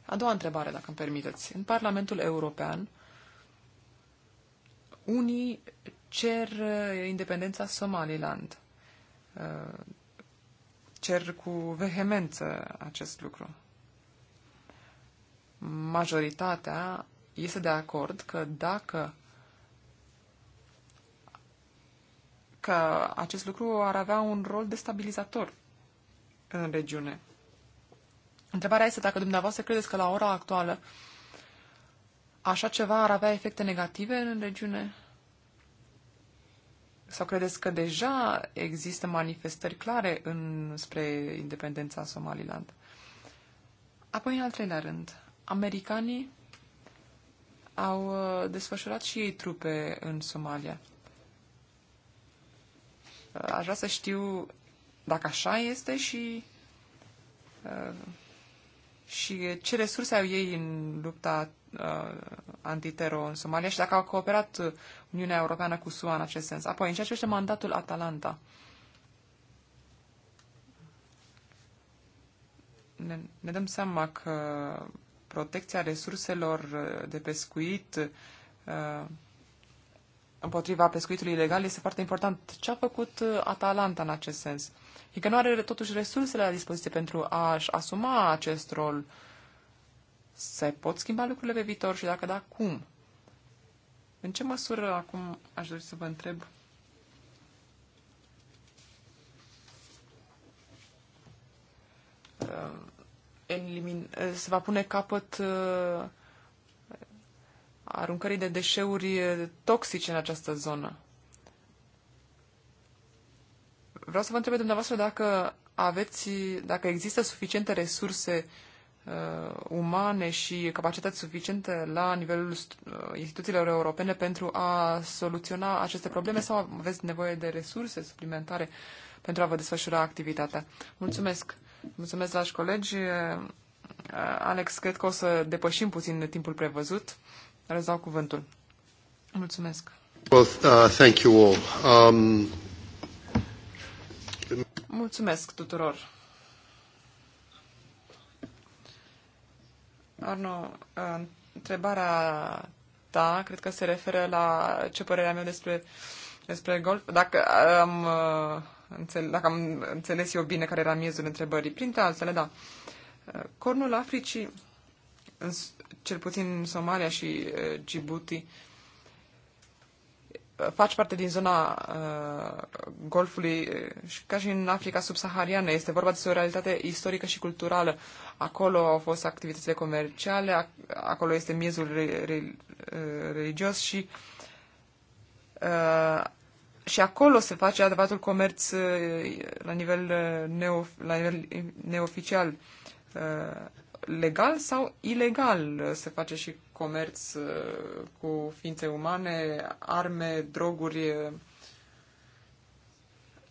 A doua întrebare, dacă îmi permiteți. În Parlamentul European, unii cer uh, independența Somaliland. Uh, cer cu vehemență acest lucru. Majoritatea este de acord că dacă că acest lucru ar avea un rol destabilizator în regiune. Întrebarea este dacă dumneavoastră credeți că la ora actuală uh, Așa ceva ar avea efecte negative în regiune? Sau credeți că deja există manifestări clare în, spre independența Somaliland? Apoi, în al treilea rând, americanii au uh, desfășurat și ei trupe în Somalia. Uh, aș vrea să știu dacă așa este și, uh, și ce resurse au ei în lupta uh, antitero în Somalia și dacă a cooperat uh, Uniunea Europeană cu SUA în acest sens. Apoi, în ceea ce este mandatul Atalanta, ne, ne dăm seama că protecția resurselor de pescuit uh, împotriva pescuitului ilegal este foarte important. Ce a făcut uh, Atalanta în acest sens? Fiindcă nu are totuși resursele la dispoziție pentru a-și asuma acest rol uh, se pot schimba lucrurile pe viitor și dacă da, cum? În ce măsură acum aș dori să vă întreb uh, elimin, uh, se va pune capăt uh, aruncării de deșeuri toxice în această zonă. Vreau să vă întreb dumneavoastră dacă aveți, dacă există suficiente resurse uh, uh, umane și capacități suficiente la nivelul uh, instituțiilor europene pentru a soluționa aceste probleme sau aveți nevoie de resurse suplimentare pentru a vă desfășura activitatea? Mulțumesc! Mulțumesc, dragi colegi! Uh, Alex, cred că o să depășim puțin timpul prevăzut. Răzau cuvântul. Mulțumesc! Well, uh, thank you all. Um... Mulțumesc tuturor! Arno, uh, întrebarea ta cred că se referă la ce părerea mea despre, despre golf. Dacă am, uh, înțeles, dacă am înțeles eu bine care era miezul întrebării, printre altele, da. Uh, cornul Africii, cel puțin Somalia și Djibouti, faci parte din zona uh, Golfului, uh, și ca și în Africa subsahariană, este vorba despre o realitate istorică și culturală. Acolo au fost activitățile comerciale, acolo este miezul re, re, uh, religios și, uh, și acolo se face adevăratul comerț uh, la nivel, uh, neo, la nivel uh, neoficial. Uh, legal sau ilegal. Se face și comerț uh, cu ființe umane, arme, droguri uh,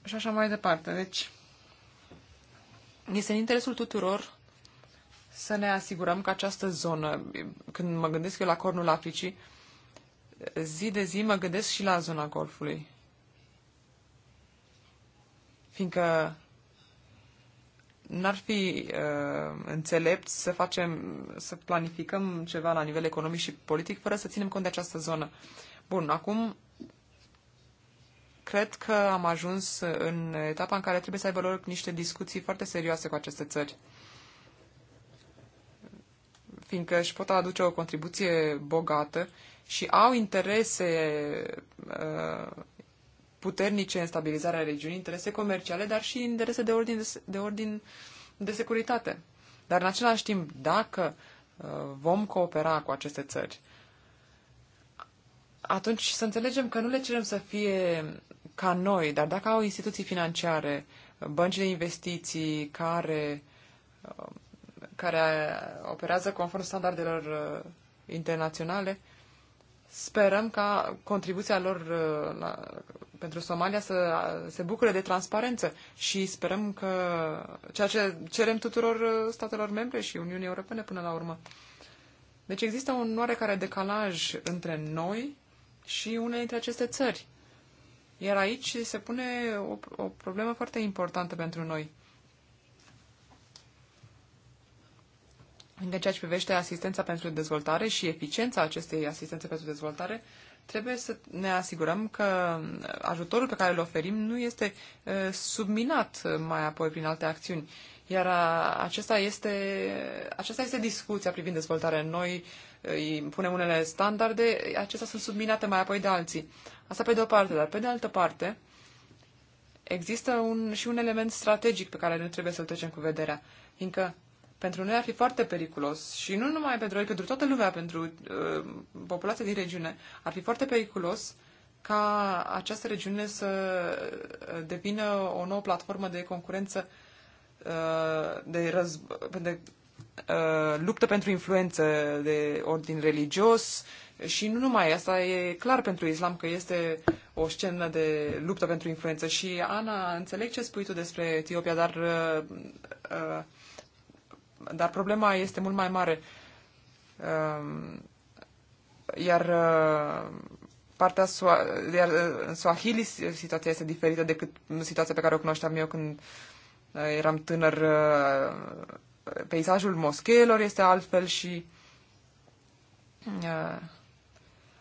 și așa mai departe. Deci, este în interesul tuturor să ne asigurăm că această zonă, când mă gândesc eu la cornul Africii, zi de zi mă gândesc și la zona golfului. Fiindcă n-ar fi uh, înțelept să facem, să planificăm ceva la nivel economic și politic fără să ținem cont de această zonă. Bun, acum cred că am ajuns în etapa în care trebuie să aibă loc niște discuții foarte serioase cu aceste țări. Fiindcă își pot aduce o contribuție bogată și au interese uh, puternice în stabilizarea regiunii, interese comerciale, dar și interese de ordin de, de, ordin de securitate. Dar în același timp, dacă uh, vom coopera cu aceste țări, atunci să înțelegem că nu le cerem să fie ca noi, dar dacă au instituții financiare, bănci de investiții care, uh, care operează conform standardelor uh, internaționale, sperăm ca contribuția lor la pentru Somalia să se bucure de transparență și sperăm că ceea ce cerem tuturor uh, statelor membre și Uniunii Europene până la urmă. Deci există un oarecare decalaj între noi și unele dintre aceste țări. Iar aici se pune o, o problemă foarte importantă pentru noi. În ceea ce privește asistența pentru dezvoltare și eficiența acestei asistențe pentru dezvoltare, uh, Trebuie să ne asigurăm că ajutorul pe care îl oferim nu este subminat mai apoi prin alte acțiuni. Iar acesta este, aceasta este discuția privind dezvoltarea. Noi îi punem unele standarde, acestea sunt subminate mai apoi de alții. Asta pe de o parte, dar pe de altă parte există un, și un element strategic pe care nu trebuie să-l trecem cu vederea, fiindcă pentru noi ar fi foarte periculos și nu numai pentru noi, pentru toată lumea, pentru uh, populația din regiune, ar fi foarte periculos ca această regiune să devină o nouă platformă de concurență, uh, de, răz, de uh, luptă pentru influență de ordin religios și nu numai, asta e clar pentru islam că este o scenă de luptă pentru influență și Ana, înțeleg ce spui tu despre Etiopia, dar uh, uh dar problema este mult mai mare. Ehm, iar ehm, partea sua- iar ehm, în Swahili situația este diferită decât situația pe care o cunoșteam eu când eh, eram tânăr. Eh, peisajul moscheelor este altfel și eh,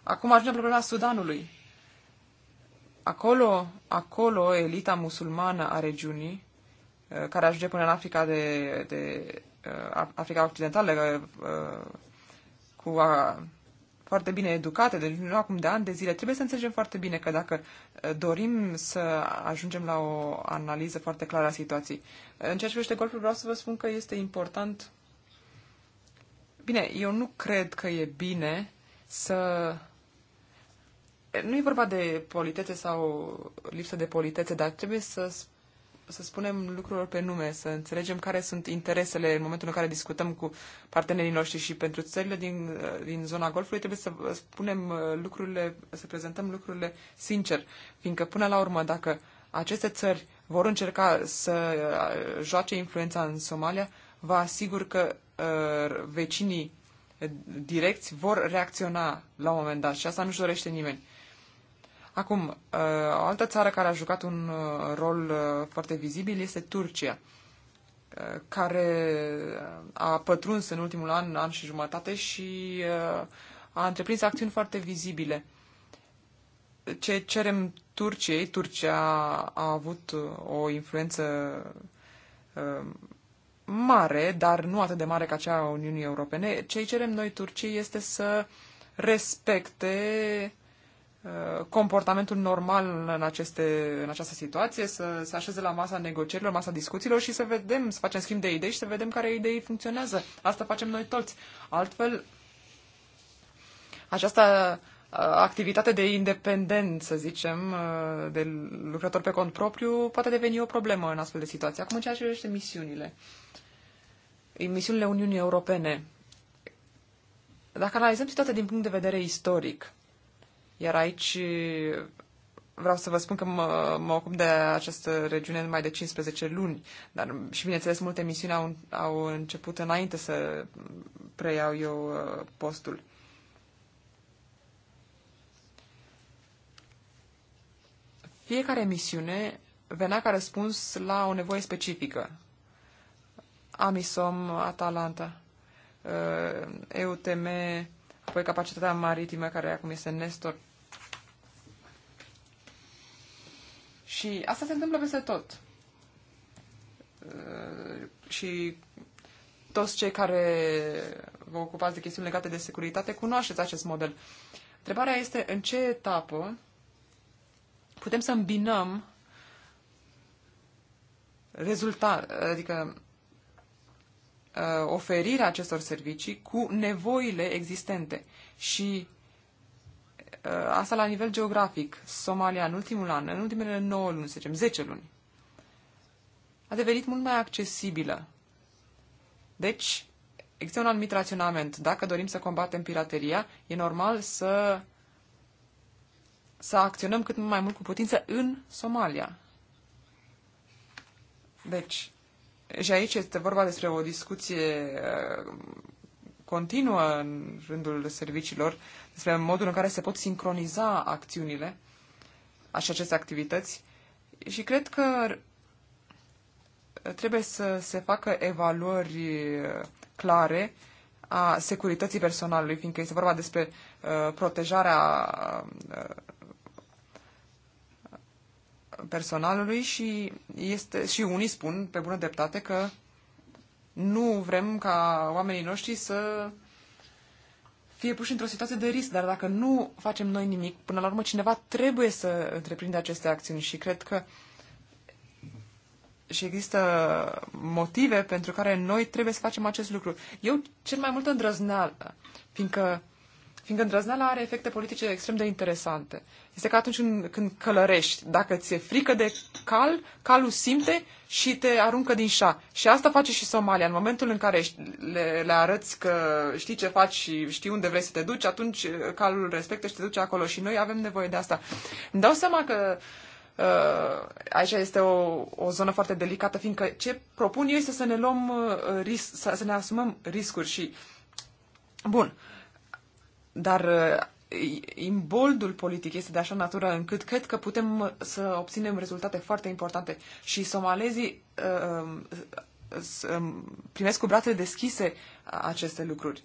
Acum ajungem la problema Sudanului. Acolo, acolo, elita musulmană a regiunii Uh, care ajunge până în Africa de, de uh, Africa Occidentală uh, cu a, foarte bine educate, deci nu acum de ani de zile. Trebuie să înțelegem foarte bine că dacă dorim să ajungem la o analiză foarte clară a situației. În ceea ce privește golful, vreau să vă spun că este important. Bine, eu nu cred că e bine să nu e vorba de politețe sau lipsă de politețe, dar trebuie să să spunem lucrurilor pe nume, să înțelegem care sunt interesele în momentul în care discutăm cu partenerii noștri și pentru țările din, din zona Golfului trebuie să spunem uh, lucrurile, să prezentăm lucrurile sincer, fiindcă până la urmă dacă aceste țări vor încerca să uh, joace influența în Somalia, vă asigur că uh, vecinii direcți vor reacționa la un moment dat și asta nu-și dorește nimeni. Acum, uh, o altă țară care a jucat un uh, rol uh, foarte vizibil este Turcia, care a pătruns în ultimul an, an și jumătate și a întreprins acțiuni foarte vizibile. Ce cerem Turciei, Turcia a avut o influență mare, dar nu atât de mare ca cea a Uniunii Europene. Ce cerem noi Turciei este să respecte Uh, comportamentul normal în, aceste, în această situație, să se așeze la masa negocierilor, masa discuțiilor și să vedem, să facem schimb de idei și să vedem care idei funcționează. Asta facem noi toți. Altfel, această uh, activitate de independent, să zicem, uh, de lucrător pe cont propriu, poate deveni o problemă în astfel de situații. Acum, în ceea ce privește misiunile, misiunile Uniunii Europene, dacă analizăm situația din punct de vedere istoric, iar aici uh, vreau să vă spun că mă, mă ocup de această regiune numai de 15 luni, dar și bineînțeles multe misiuni au, au început înainte să preiau eu uh, postul. Fiecare misiune venea ca răspuns la o nevoie specifică. Amisom, Atalanta, uh, EUTM, apoi capacitatea maritimă, care acum este Nestor, Și asta se întâmplă peste tot. Uh, și toți cei care vă ocupați de chestiuni legate de securitate cunoașteți acest model. Întrebarea este în ce etapă putem să îmbinăm rezultat, adică uh, oferirea acestor servicii cu nevoile existente și Uh, asta la nivel geografic. Somalia în ultimul an, în ultimele 9 luni, să zicem, 10 luni, a devenit mult mai accesibilă. Deci, există un anumit raționament. Dacă dorim să combatem pirateria, e normal să, să acționăm cât mai mult cu putință în Somalia. Deci, și aici este vorba despre o discuție uh, continuă în rândul serviciilor despre modul în care se pot sincroniza acțiunile și aceste activități și cred că trebuie să se facă evaluări uh, clare a securității personalului, fiindcă este vorba despre uh, protejarea uh, personalului și este și unii spun pe bună dreptate că nu vrem ca oamenii noștri să fie puși într-o situație de risc, dar dacă nu facem noi nimic, până la urmă cineva trebuie să întreprinde aceste acțiuni și cred că și există motive pentru care noi trebuie să facem acest lucru. Eu cel mai mult îndrăzneală, fiindcă Fiindcă îndrăzneala are efecte politice extrem de interesante. Este ca atunci când călărești. Dacă ți-e frică de cal, calul simte și te aruncă din șa. Și asta face și Somalia. În momentul în care le, le arăți că știi ce faci și știi unde vrei să te duci, atunci uh, calul respectă și te duce acolo. Și noi avem nevoie de asta. Îmi dau seama că uh, aici este o, o zonă foarte delicată, fiindcă ce propun eu este să ne luăm uh, ris- să, să ne asumăm riscuri și... Bun, uh, dar uh, imboldul politic este de așa natură încât cred că putem uh, să obținem rezultate foarte importante și somalezii uh, um, um, primesc cu brațele deschise uh, aceste lucruri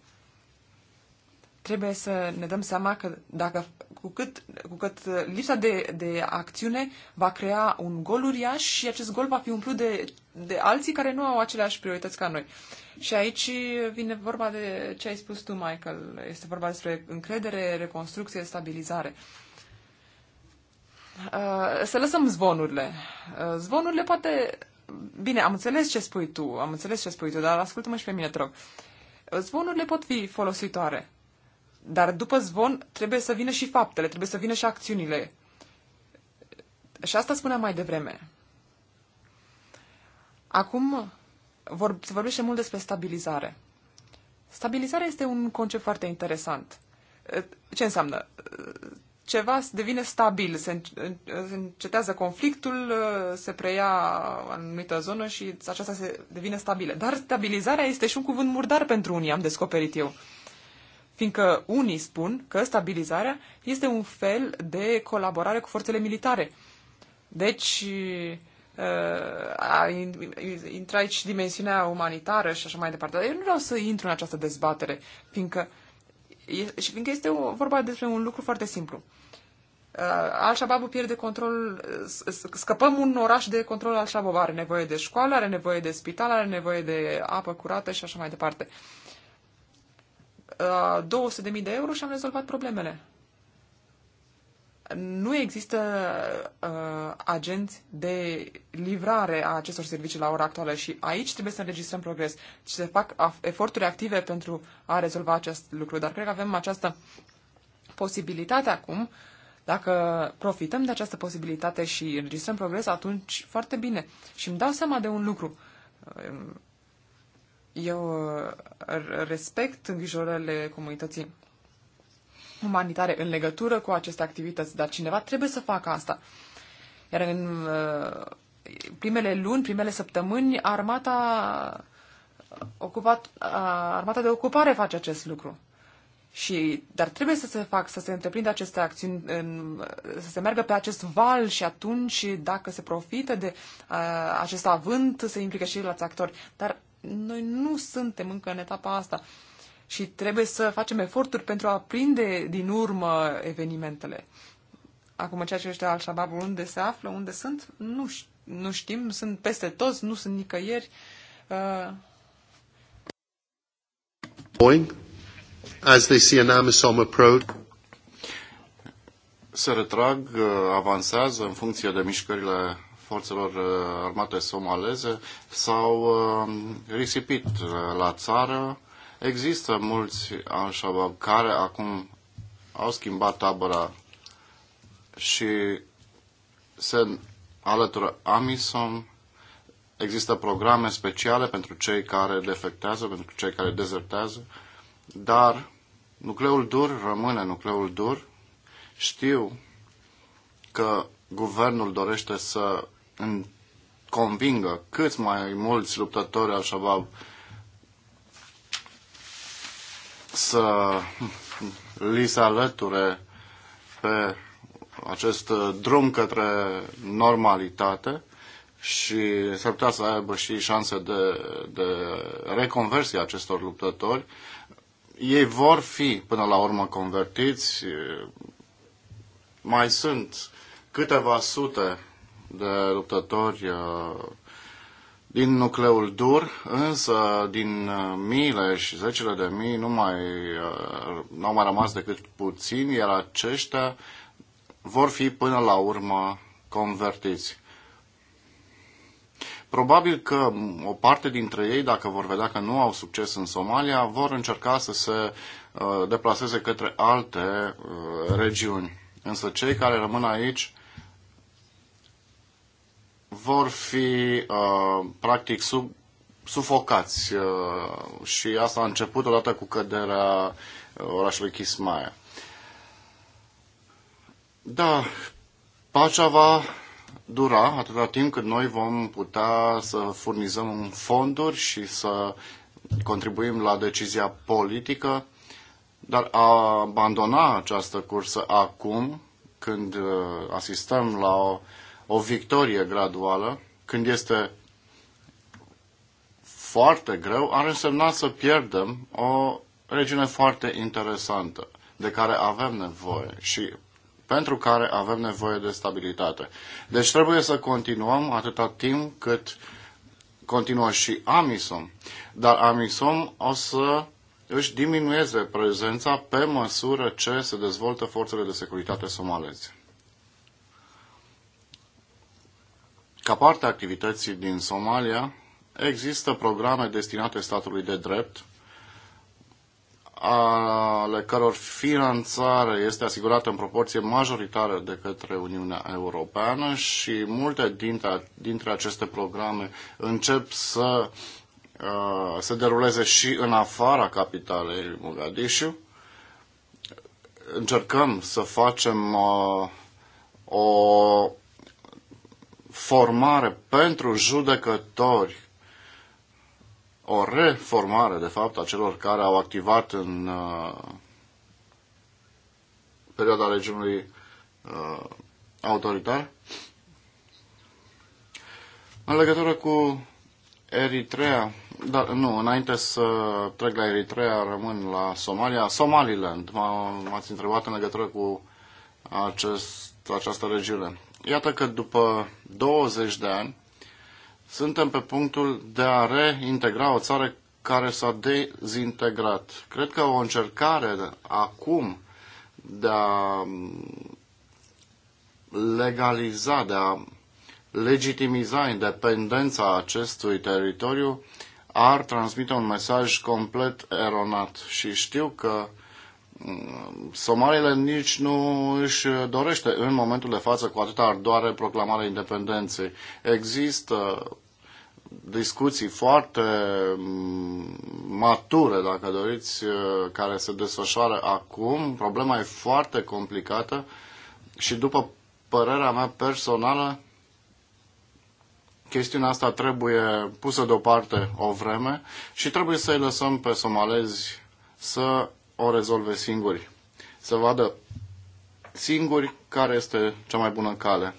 trebuie să ne dăm seama că dacă, cu, cât, cu cât lipsa de, de acțiune va crea un gol uriaș și acest gol va fi umplut de, de alții care nu au aceleași priorități ca noi. Și aici vine vorba de ce ai spus tu, Michael. Este vorba despre încredere, reconstrucție, stabilizare. Uh, să lăsăm zvonurile. Uh, zvonurile poate... Bine, am înțeles ce spui tu, am înțeles ce spui tu, dar ascultă-mă și pe mine, te rog. Zvonurile pot fi folositoare dar după zvon trebuie să vină și faptele, trebuie să vină și acțiunile. Și asta spuneam mai devreme. Acum vor, se vorbește mult despre stabilizare. Stabilizarea este un concept foarte interesant. Ce înseamnă? Ceva devine stabil, se încetează conflictul, se preia anumită zonă și aceasta se devine stabilă. Dar stabilizarea este și un cuvânt murdar pentru unii, am descoperit eu. Uh, fiindcă unii spun că stabilizarea este un fel de colaborare cu forțele militare. Deci, uh, a intra aici dimensiunea umanitară și așa mai departe. Dar eu nu vreau să intru în această dezbatere, fiindcă, și fiindcă este o, vorba despre un lucru foarte simplu. Uh, Al-Shabaab pierde control, scăpăm un oraș de control al Shabaab. Are nevoie de școală, are nevoie de spital, are nevoie de apă curată și așa mai departe. Uh, 200.000 uh, de euro și am rezolvat problemele. Nu există uh, agenți de livrare a acestor servicii la ora actuală și aici trebuie să înregistrăm progres și să fac eforturi active pentru a rezolva acest lucru. Dar cred că avem această posibilitate acum. Dacă profităm de această posibilitate și înregistrăm progres, atunci foarte bine. Și îmi dau seama de un lucru. Uh, eu uh, respect îngrijorările comunității umanitare în legătură cu aceste activități, dar cineva trebuie să facă asta. Iar în uh, primele luni, primele săptămâni, armata, uh, ocupat, armata de ocupare face acest lucru. Și, dar trebuie să se fac, să se întreprindă aceste acțiuni, în, să se meargă pe acest val și atunci, dacă se profită de uh, acest avânt, se implică și la actori. Dar noi nu suntem încă în etapa asta și trebuie să facem eforturi pentru a prinde din urmă evenimentele. Acum, ceea ce ăștia al Shabab, unde se află, unde sunt, nu, nu știm, sunt peste toți, nu sunt nicăieri. Uh... as they see an Se retrag, uh, avansează în funcție de mișcările forțelor uh, armate somaleze s-au uh, risipit uh, la țară. Există mulți al care acum au schimbat tabăra și se alătură Amisom. Există programe speciale pentru cei care defectează, pentru cei care dezertează, dar nucleul dur rămâne nucleul dur. Știu că guvernul dorește să în convingă cât mai mulți luptători al Shabab să li se alăture pe acest drum către normalitate și s-ar putea să aibă și șanse de, de reconversie acestor luptători. Ei vor fi până la urmă convertiți. Mai sunt câteva sute de luptători uh, din nucleul dur, însă din uh, miile și zecile de mii nu mai, uh, nu au mai rămas decât puțini, iar aceștia vor fi până la urmă convertiți. Probabil că o parte dintre ei, dacă vor vedea că nu au succes în Somalia, vor încerca să se deplaseze către alte regiuni. Însă cei care rămân aici vor fi uh, practic sub, sufocați uh, și asta a început odată cu căderea uh, orașului Chismaia. Da, pacea va dura atâta timp cât noi vom putea să furnizăm fonduri și să contribuim la decizia politică, dar a abandona această cursă acum, când uh, asistăm la o uh, o victorie graduală, când este foarte greu, ar însemna să pierdem o regiune foarte interesantă, de care avem nevoie și pentru care avem nevoie de stabilitate. Deci trebuie să continuăm atâta timp cât continuă și Amisom. Dar Amisom o să își diminueze prezența pe măsură ce se dezvoltă forțele de securitate somaleze. Ca parte a activității din Somalia, există programe destinate statului de drept, ale căror finanțare este asigurată în proporție majoritară de către Uniunea Europeană și multe dintre, dintre aceste programe încep să se deruleze și în afara capitalei Mogadishu. Încercăm să facem o formare pentru judecători, o reformare, de fapt, a celor care au activat în uh, perioada regimului uh, autoritar. În legătură cu Eritrea, dar nu, înainte să trec la Eritrea, rămân la Somalia. Somaliland, m-ați întrebat în legătură cu acest, această regiune. Iată că după 20 de ani suntem pe punctul de a reintegra o țară care s-a dezintegrat. Cred că o încercare acum de a legaliza, de a legitimiza independența acestui teritoriu ar transmite un mesaj complet eronat. Și știu că Somaliile nici nu își dorește în momentul de față cu atâta ardoare proclamarea independenței. Există discuții foarte mm, mature, dacă doriți, uh, care se desfășoară acum. Problema e foarte complicată și după părerea mea personală, chestiunea asta trebuie pusă deoparte o vreme și trebuie să-i lăsăm pe somalezi să o rezolve singuri, să vadă singuri care este cea mai bună cale.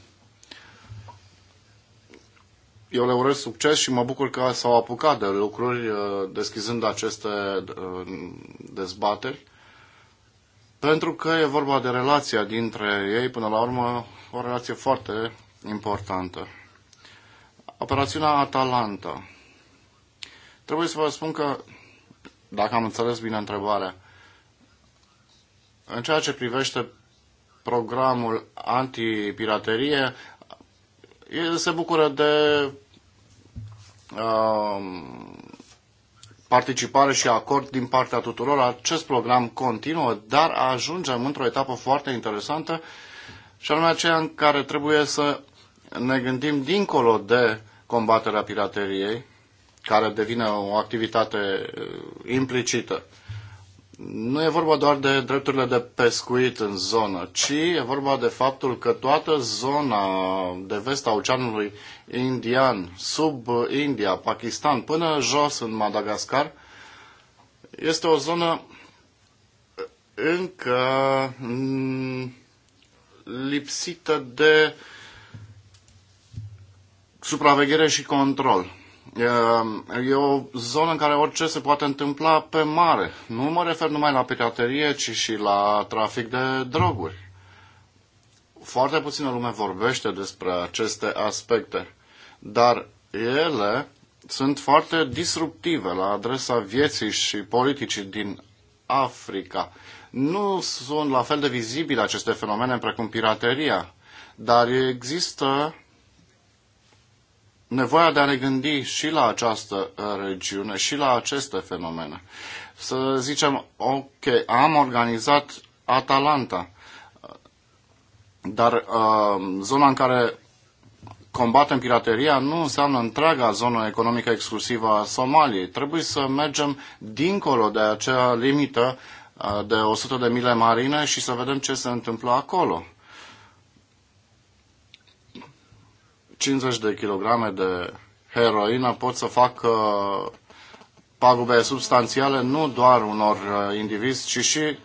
Eu le urez succes și mă bucur că s-au apucat de lucruri uh, deschizând aceste uh, dezbateri, pentru că e vorba de relația dintre ei, până la urmă, o relație foarte importantă. Operațiunea Atalanta. Trebuie să vă spun că, dacă am înțeles bine întrebarea, în ceea ce privește programul antipiraterie, se bucură de um, participare și acord din partea tuturor. Acest program continuă, dar ajungem într-o etapă foarte interesantă și anume aceea în care trebuie să ne gândim dincolo de combaterea pirateriei, care devine o activitate uh, implicită nu e vorba doar de drepturile de pescuit în zonă, ci e vorba de faptul că toată zona de vest a Oceanului Indian, sub India, Pakistan, până jos în Madagascar, este o zonă încă lipsită de supraveghere și control. Ehm, e o zonă în care orice se poate întâmpla pe mare. Nu mă refer numai la piraterie, ci și la trafic de droguri. Foarte puțină lume vorbește despre aceste aspecte, dar ele sunt foarte disruptive la adresa vieții și politicii din Africa. Nu sunt la fel de vizibile aceste fenomene precum pirateria, dar există nevoia de a ne gândi și la această uh, regiune, și la aceste fenomene. Să zicem, ok, am organizat Atalanta, dar uh, zona în care combatem pirateria nu înseamnă întreaga zonă economică exclusivă a Somaliei. Trebuie să mergem dincolo de acea limită uh, de 100 de mile marine și să vedem ce se întâmplă acolo. 50 de kilograme de heroină pot să facă pagube substanțiale nu doar unor uh, indivizi, ci și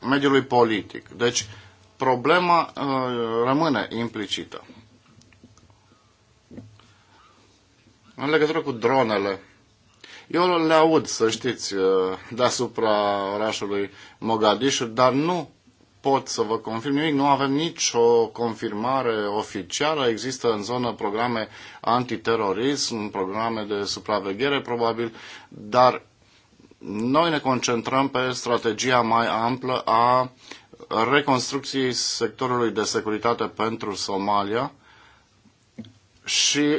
mediului politic. Deci, problema uh, rămâne implicită. În legătură cu dronele, eu le aud, să știți, uh, deasupra orașului Mogadishu, dar nu pot să vă confirm nimic, nu avem nicio confirmare oficială. Există în zonă programe antiterorism, programe de supraveghere probabil, dar noi ne concentrăm pe strategia mai amplă a reconstrucției sectorului de securitate pentru Somalia și uh,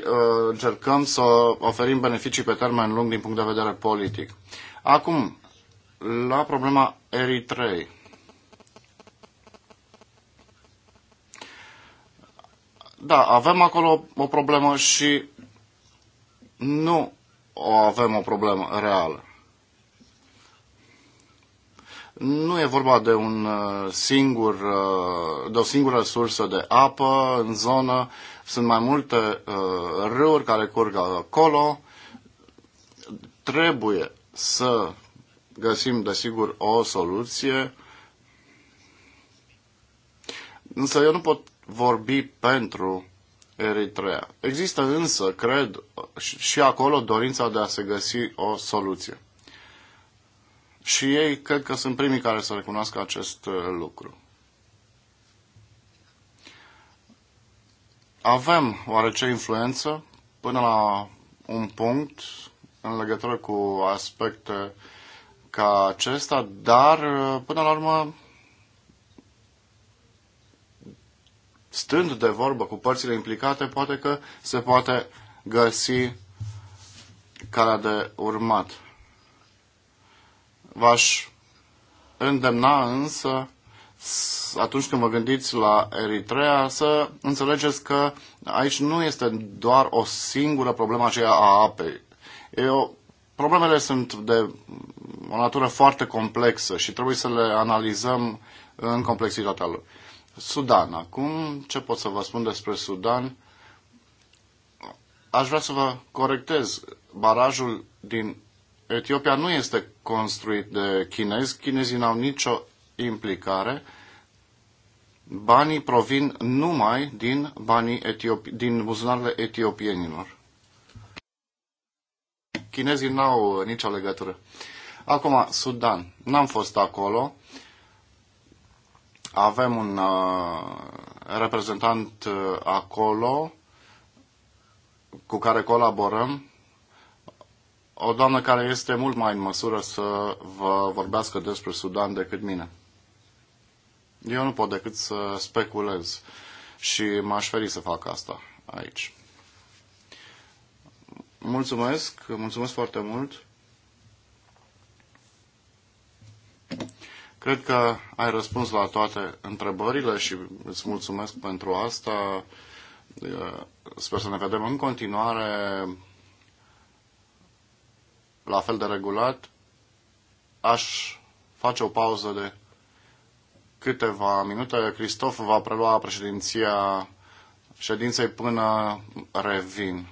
încercăm să oferim beneficii pe termen lung din punct de vedere politic. Acum, la problema Eritrei. Da, avem acolo o problemă și nu o avem o problemă reală. Nu e vorba de, un uh, singur, uh, de o singură sursă de apă în zonă. Sunt mai multe uh, râuri care curg acolo. Trebuie să găsim, desigur, o soluție. Însă eu nu pot vorbi pentru Eritrea. Există însă, cred, și acolo dorința de a se găsi o soluție. Și ei cred că sunt primii care să recunoască acest uh, lucru. Avem oarece influență până la un punct în legătură cu aspecte ca acesta, dar uh, până la urmă stând de vorbă cu părțile implicate, poate că se poate găsi calea de urmat. V-aș îndemna însă atunci când vă gândiți la Eritrea, să înțelegeți că aici nu este doar o singură problemă aceea a apei. Eu, problemele sunt de o natură foarte complexă și trebuie să le analizăm în complexitatea lor. Sudan. Acum, ce pot să vă spun despre Sudan? Aș vrea să vă corectez. Barajul din Etiopia nu este construit de chinezi. Chinezii n-au nicio implicare. Banii provin numai din, banii etiopi- din buzunarele etiopienilor. Chinezii n-au nicio legătură. Acum, Sudan. N-am fost acolo. Uh, avem un uh, reprezentant uh, acolo cu care colaborăm, o doamnă care este mult mai în măsură să vă vorbească despre Sudan decât mine. Eu nu pot decât să speculez și m-aș feri să fac asta aici. Mulțumesc, mulțumesc foarte mult. Cred că ai răspuns la toate întrebările și îți mulțumesc pentru asta. Eh, sper să ne vedem în continuare la fel de regulat. Aș face o pauză de câteva minute. Cristof va prelua președinția ședinței până revin.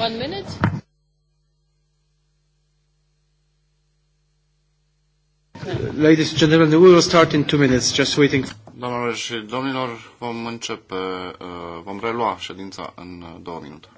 One minute. Ladies and gentlemen, we will start in two minutes, just waiting. Doamnelor și domnilor, vom începe, uh, vom relua ședința în două minute.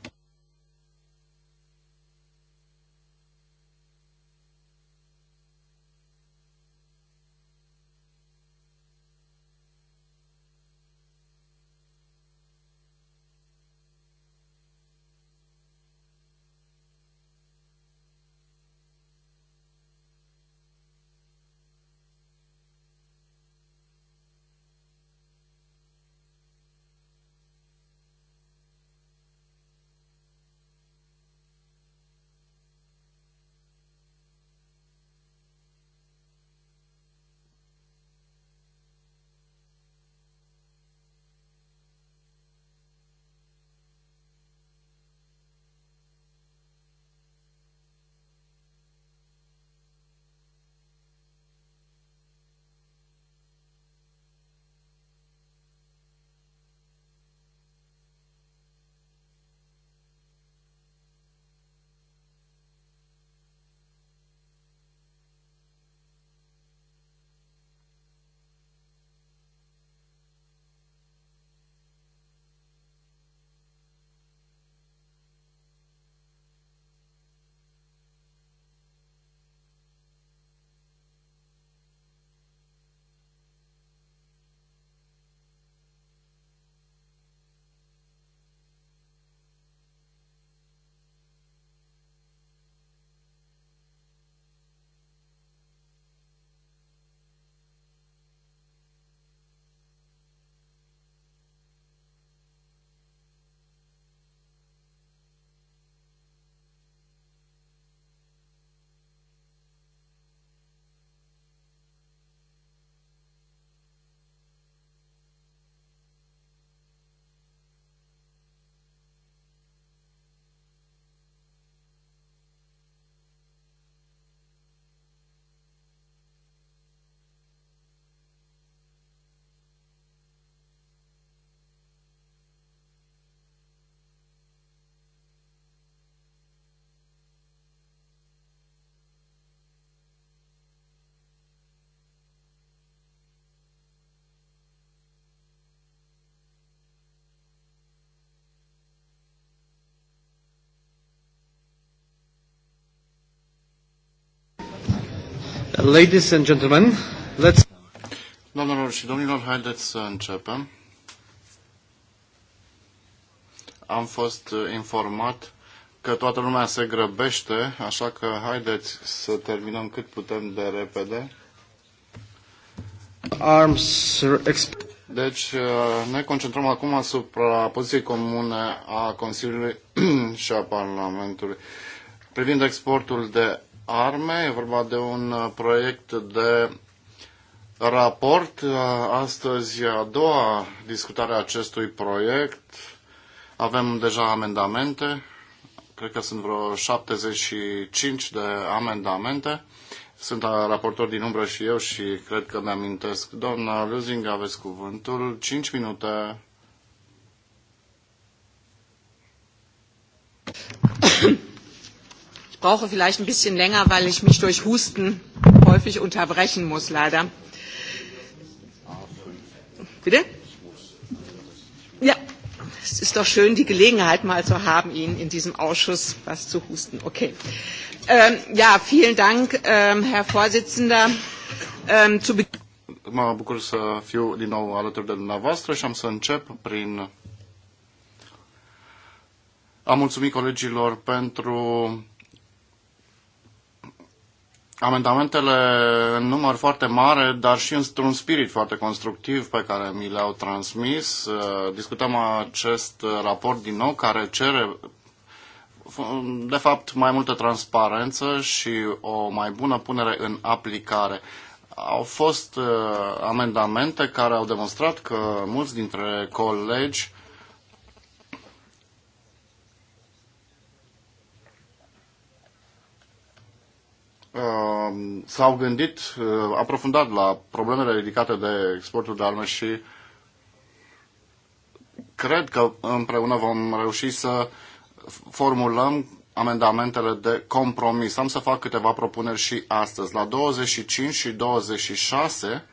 Ladies and gentlemen, let's... Doamnelor și domnilor, haideți să începem. Am fost informat că toată lumea se grăbește, așa că haideți să terminăm cât putem de repede. Arms deci uh, ne concentrăm acum asupra poziției comune a Consiliului și a Parlamentului privind exportul de arme. E vorba de un uh, proiect de raport. Uh, astăzi a doua discutare a acestui proiect. Avem deja amendamente. Cred că sunt vreo 75 de amendamente. Sunt uh, raportor din umbră și eu și cred că mi-amintesc. Doamna Luzing, aveți cuvântul. 5 minute. brauche vielleicht ein bisschen länger, weil ich mich durch Husten häufig unterbrechen muss, leider. Bitte? Ja, es ist doch schön, die Gelegenheit mal zu haben, Ihnen in diesem Ausschuss was zu husten. Okay. Ähm, ja, vielen Dank, ähm, Herr Vorsitzender. Ähm, zu mă bucur să fiu din nou alături de dumneavoastră și am să încep prin a mulțumi colegilor pentru amendamentele în număr foarte mare, dar și într-un spirit foarte constructiv pe care mi le-au transmis. Uh, discutăm acest raport din nou care cere de fapt mai multă transparență și o mai bună punere în aplicare. Au fost uh, amendamente care au demonstrat că mulți dintre colegi Um, s-au gândit uh, aprofundat la problemele ridicate de exportul de arme și cred că împreună vom reuși să formulăm amendamentele de compromis. Am să fac câteva propuneri și astăzi. La 25 și 26,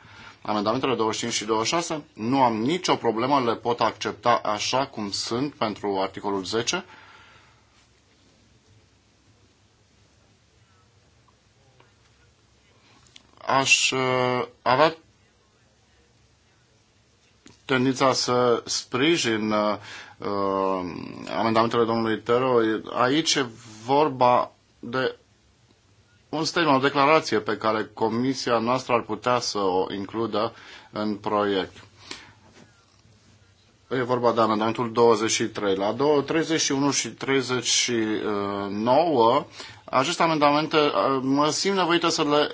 amendamentele 25 și 26, nu am nicio problemă, le pot accepta așa cum sunt pentru articolul 10. aș uh, avea tendința să sprijin uh, uh, amendamentele domnului Tero. Aici e vorba de un statement, o declarație pe care comisia noastră ar putea să o includă în proiect. E vorba de amendamentul 23. La 31 și 39, aceste amendamente mă simt nevoită să le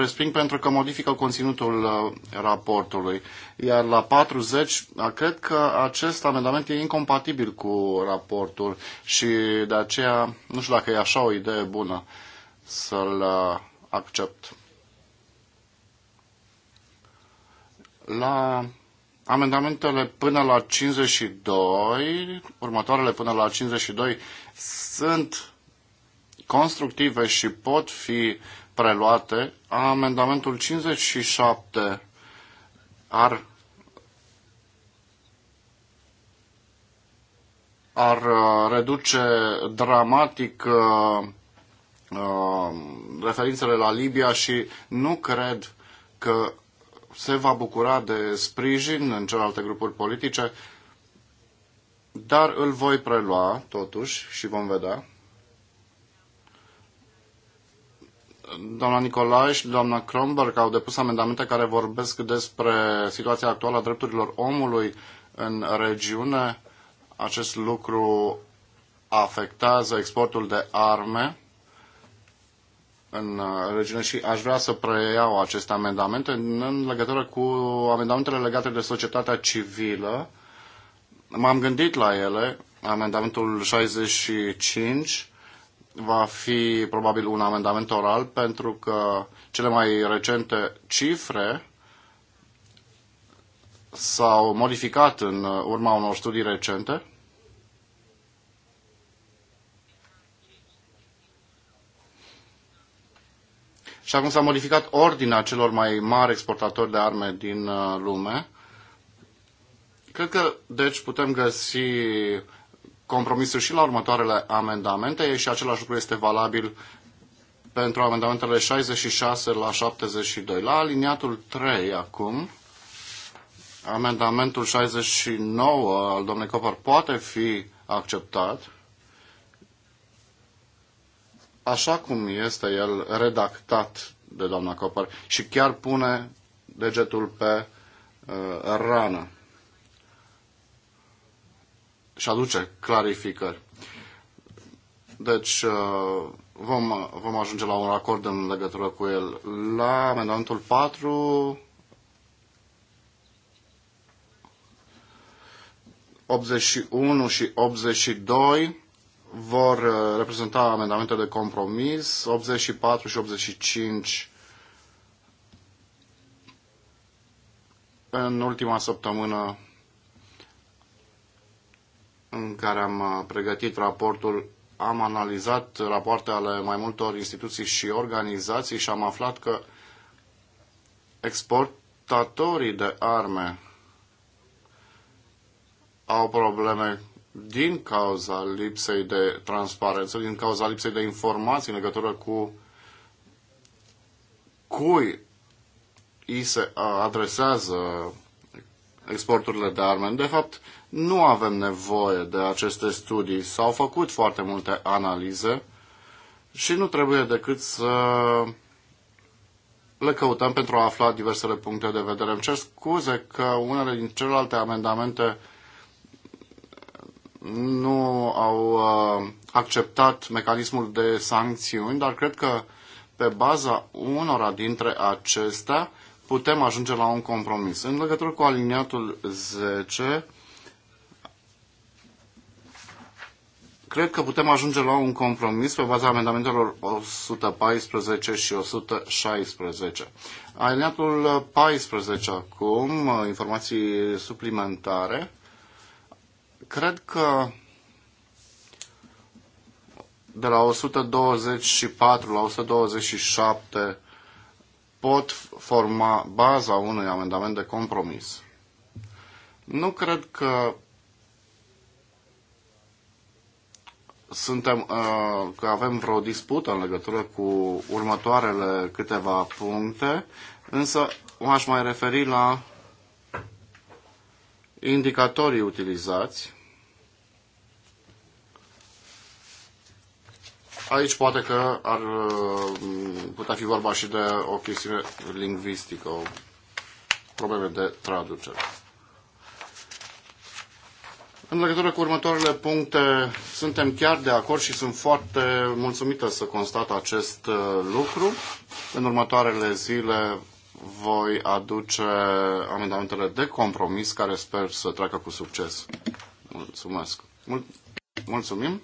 resping pentru că modifică conținutul uh, raportului. Iar la 40, cred că acest amendament e incompatibil cu raportul și de aceea nu știu dacă e așa o idee bună să-l uh, accept. La Amendamentele până la 52, următoarele până la 52, sunt constructive și pot fi preluate. Amendamentul 57 ar ar uh, reduce dramatic uh, uh, referințele la Libia și nu cred că se va bucura de sprijin în celelalte grupuri politice, dar îl voi prelua totuși și vom vedea. Doamna Nicolae și doamna Kronberg au depus amendamente care vorbesc despre situația actuală a drepturilor omului în regiune. Acest lucru afectează exportul de arme în uh, regiune și aș vrea să preiau aceste amendamente în legătură cu amendamentele legate de societatea civilă. M-am gândit la ele. Amendamentul 65 va fi probabil un amendament oral pentru că cele mai recente cifre s-au modificat în urma unor studii recente și acum s-a modificat ordinea celor mai mari exportatori de arme din uh, lume. Cred că, deci, putem găsi compromisul și la următoarele amendamente și același lucru este valabil pentru amendamentele 66 la 72. La aliniatul 3 acum, amendamentul 69 al domnului Copar poate fi acceptat așa cum este el redactat de doamna Copăr și chiar pune degetul pe uh, rană și aduce clarificări. Deci uh, vom, vom ajunge la un acord în legătură cu el. La amendamentul 4 81 și 82 vor uh, reprezenta amendamente de compromis. 84 și 85 în ultima săptămână în care am uh, pregătit raportul, am analizat rapoarte ale mai multor instituții și organizații și am aflat că exportatorii de arme au probleme din cauza lipsei de transparență, din cauza lipsei de informații în legătură cu cui îi se adresează exporturile de arme. De fapt, nu avem nevoie de aceste studii. S-au făcut foarte multe analize și nu trebuie decât să le căutăm pentru a afla diversele puncte de vedere. Îmi cer scuze că unele din celelalte amendamente nu au uh, acceptat mecanismul de sancțiuni, dar cred că pe baza unora dintre acestea putem ajunge la un compromis. În legătură cu aliniatul 10, cred că putem ajunge la un compromis pe baza amendamentelor 114 și 116. Aliniatul 14 acum, uh, informații suplimentare. Cred că de la 124 la 127 pot forma baza unui amendament de compromis. Nu cred că suntem, uh, că avem vreo dispută în legătură cu următoarele câteva puncte, însă m-aș mai referi la indicatorii utilizați Aici poate că ar uh, putea fi vorba și de o chestiune lingvistică, o probleme de traducere. În legătură cu următoarele puncte, suntem chiar de acord și sunt foarte mulțumită să constat acest uh, lucru. În următoarele zile voi aduce amendamentele de compromis care sper să treacă cu succes. Mulțumesc. Mul- mulțumim.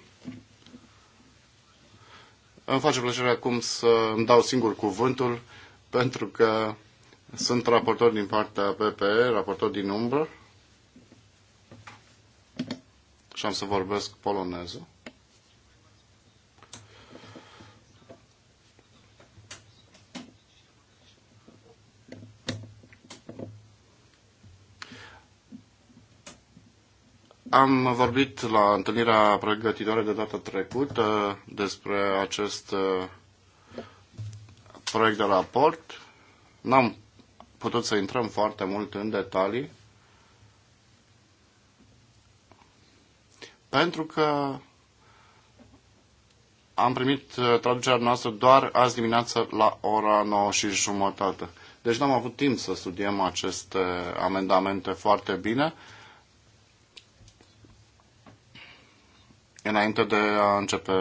Îmi face plăcere acum să îmi dau singur cuvântul, pentru că sunt raportor din partea PPE, raportor din umbră, și am să vorbesc poloneză. Am vorbit la întâlnirea pregătitoare de data trecută despre acest uh, proiect de raport. N-am putut să intrăm foarte mult în detalii pentru că am primit uh, traducerea noastră doar azi dimineață la ora 9 și jumătate. Deci n-am avut timp să studiem aceste amendamente foarte bine. înainte de a începe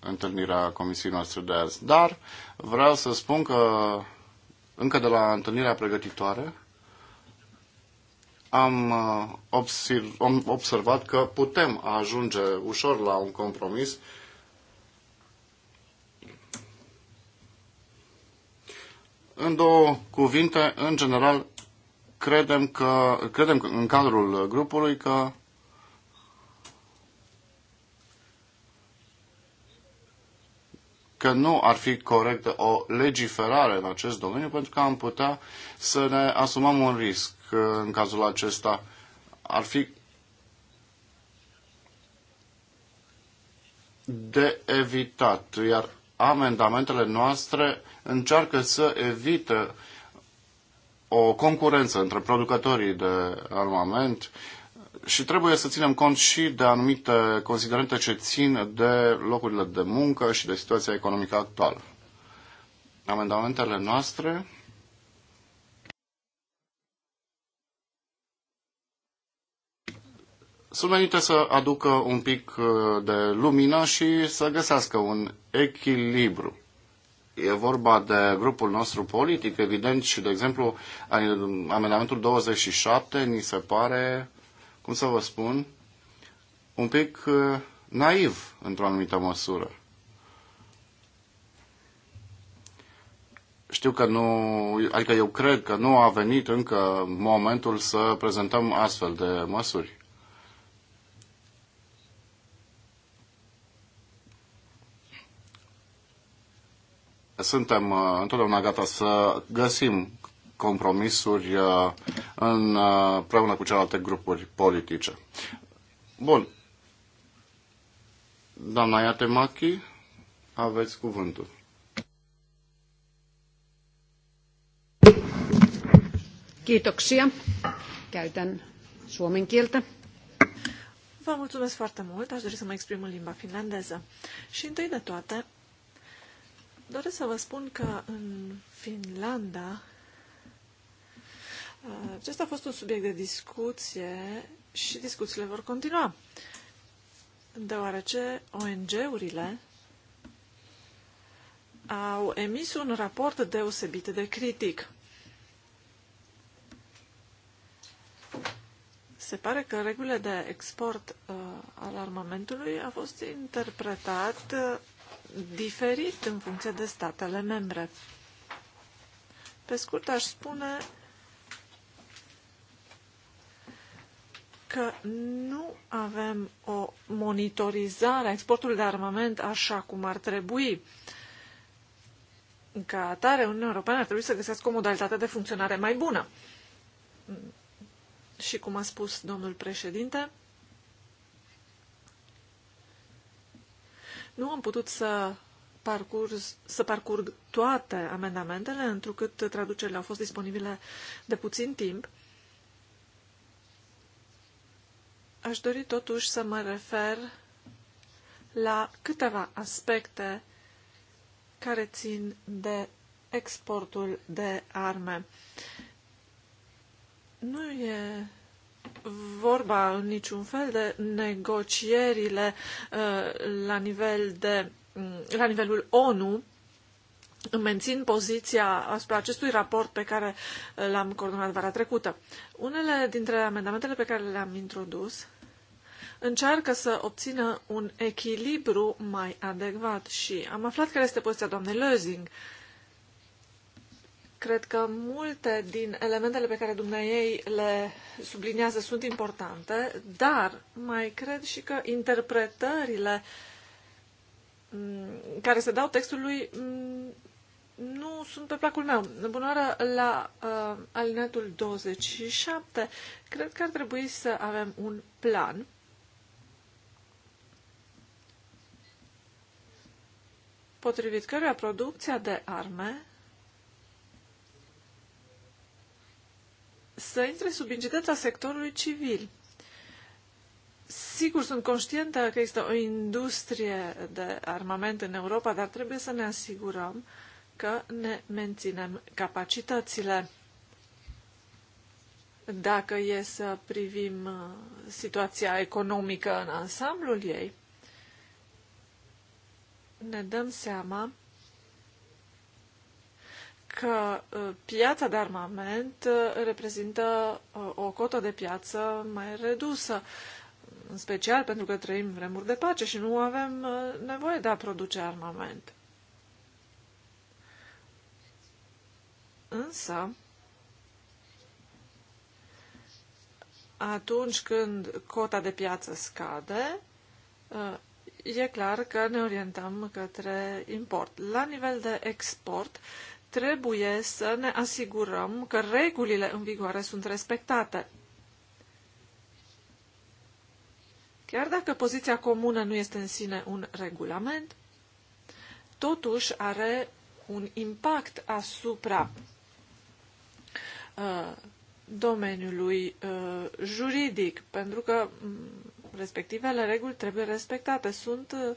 întâlnirea comisiei noastre de azi. Dar vreau să spun că încă de la întâlnirea pregătitoare uh, am, observat că putem ajunge ușor la un compromis În două cuvinte, în general, credem că, credem în cadrul grupului că că nu ar fi corectă o legiferare în acest domeniu pentru că am putea să ne asumăm un risc uh, în cazul acesta. Ar fi de evitat, iar amendamentele noastre încearcă să evite o concurență între producătorii de armament și trebuie să ținem cont și de anumite considerente ce țin de locurile de muncă și de situația economică actuală. Amendamentele noastre sunt venite să aducă un pic uh, de lumină și să găsească un echilibru. E vorba de grupul nostru politic, evident, și, de exemplu, amendamentul 27 ni se pare cum să vă spun, un pic uh, naiv într-o anumită măsură. Știu că nu, adică eu cred că nu a venit încă momentul să prezentăm astfel de măsuri. Suntem uh, întotdeauna gata să găsim compromisuri uh, în, uh, împreună cu celelalte grupuri politice. Bun. Doamna Iatemachi, aveți cuvântul. Kiitoksia. Käytän suomen kieltä. Vă mulțumesc foarte mult. Aș dori să mă exprim în limba finlandeză. Și întâi de toate, doresc să vă spun că în Finlanda acesta a fost un subiect de discuție și discuțiile vor continua, deoarece ONG-urile au emis un raport deosebit de critic. Se pare că regulile de export uh, al armamentului a fost interpretat uh, diferit în funcție de statele membre. Pe scurt, aș spune că nu avem o monitorizare a exportului de armament așa cum ar trebui. Ca atare, Uniunea Europeană ar trebui să găsească o modalitate de funcționare mai bună. Și cum a spus domnul președinte, nu am putut să parcurs, să parcurg toate amendamentele, întrucât traducerile au fost disponibile de puțin timp Aș dori totuși să mă refer la câteva aspecte care țin de exportul de arme. Nu e vorba în niciun fel de negocierile uh, la, nivel de, mm, la nivelul ONU. Mențin poziția asupra acestui raport pe care uh, l-am coordonat vara trecută. Unele dintre amendamentele pe care le-am introdus încearcă să obțină un echilibru mai adecvat și am aflat care este poziția doamnei Lözing. Cred că multe din elementele pe care dumneai le subliniază sunt importante, dar mai cred și că interpretările mm, care se dau textului mm, nu sunt pe placul meu. Bună oară, la uh, alineatul 27, cred că ar trebui să avem un plan potrivit căruia producția de arme să intre sub incidența sectorului civil. Sigur, sunt conștientă că există o industrie de armament în Europa, dar trebuie să ne asigurăm că ne menținem capacitățile. Dacă e să privim uh, situația economică în ansamblul ei, ne dăm seama că uh, piața de armament uh, reprezintă uh, o cotă de piață mai redusă, în special pentru că trăim vremuri de pace și nu avem nevoie de a produce armament. Însă, atunci când cota de piață scade, e clar că ne orientăm către import. La nivel de export, trebuie să ne asigurăm că regulile în vigoare sunt respectate. Chiar dacă poziția comună nu este în sine un regulament, totuși are un impact asupra uh, domeniului uh, juridic, pentru că mm, respectivele reguli trebuie respectate. Sunt uh,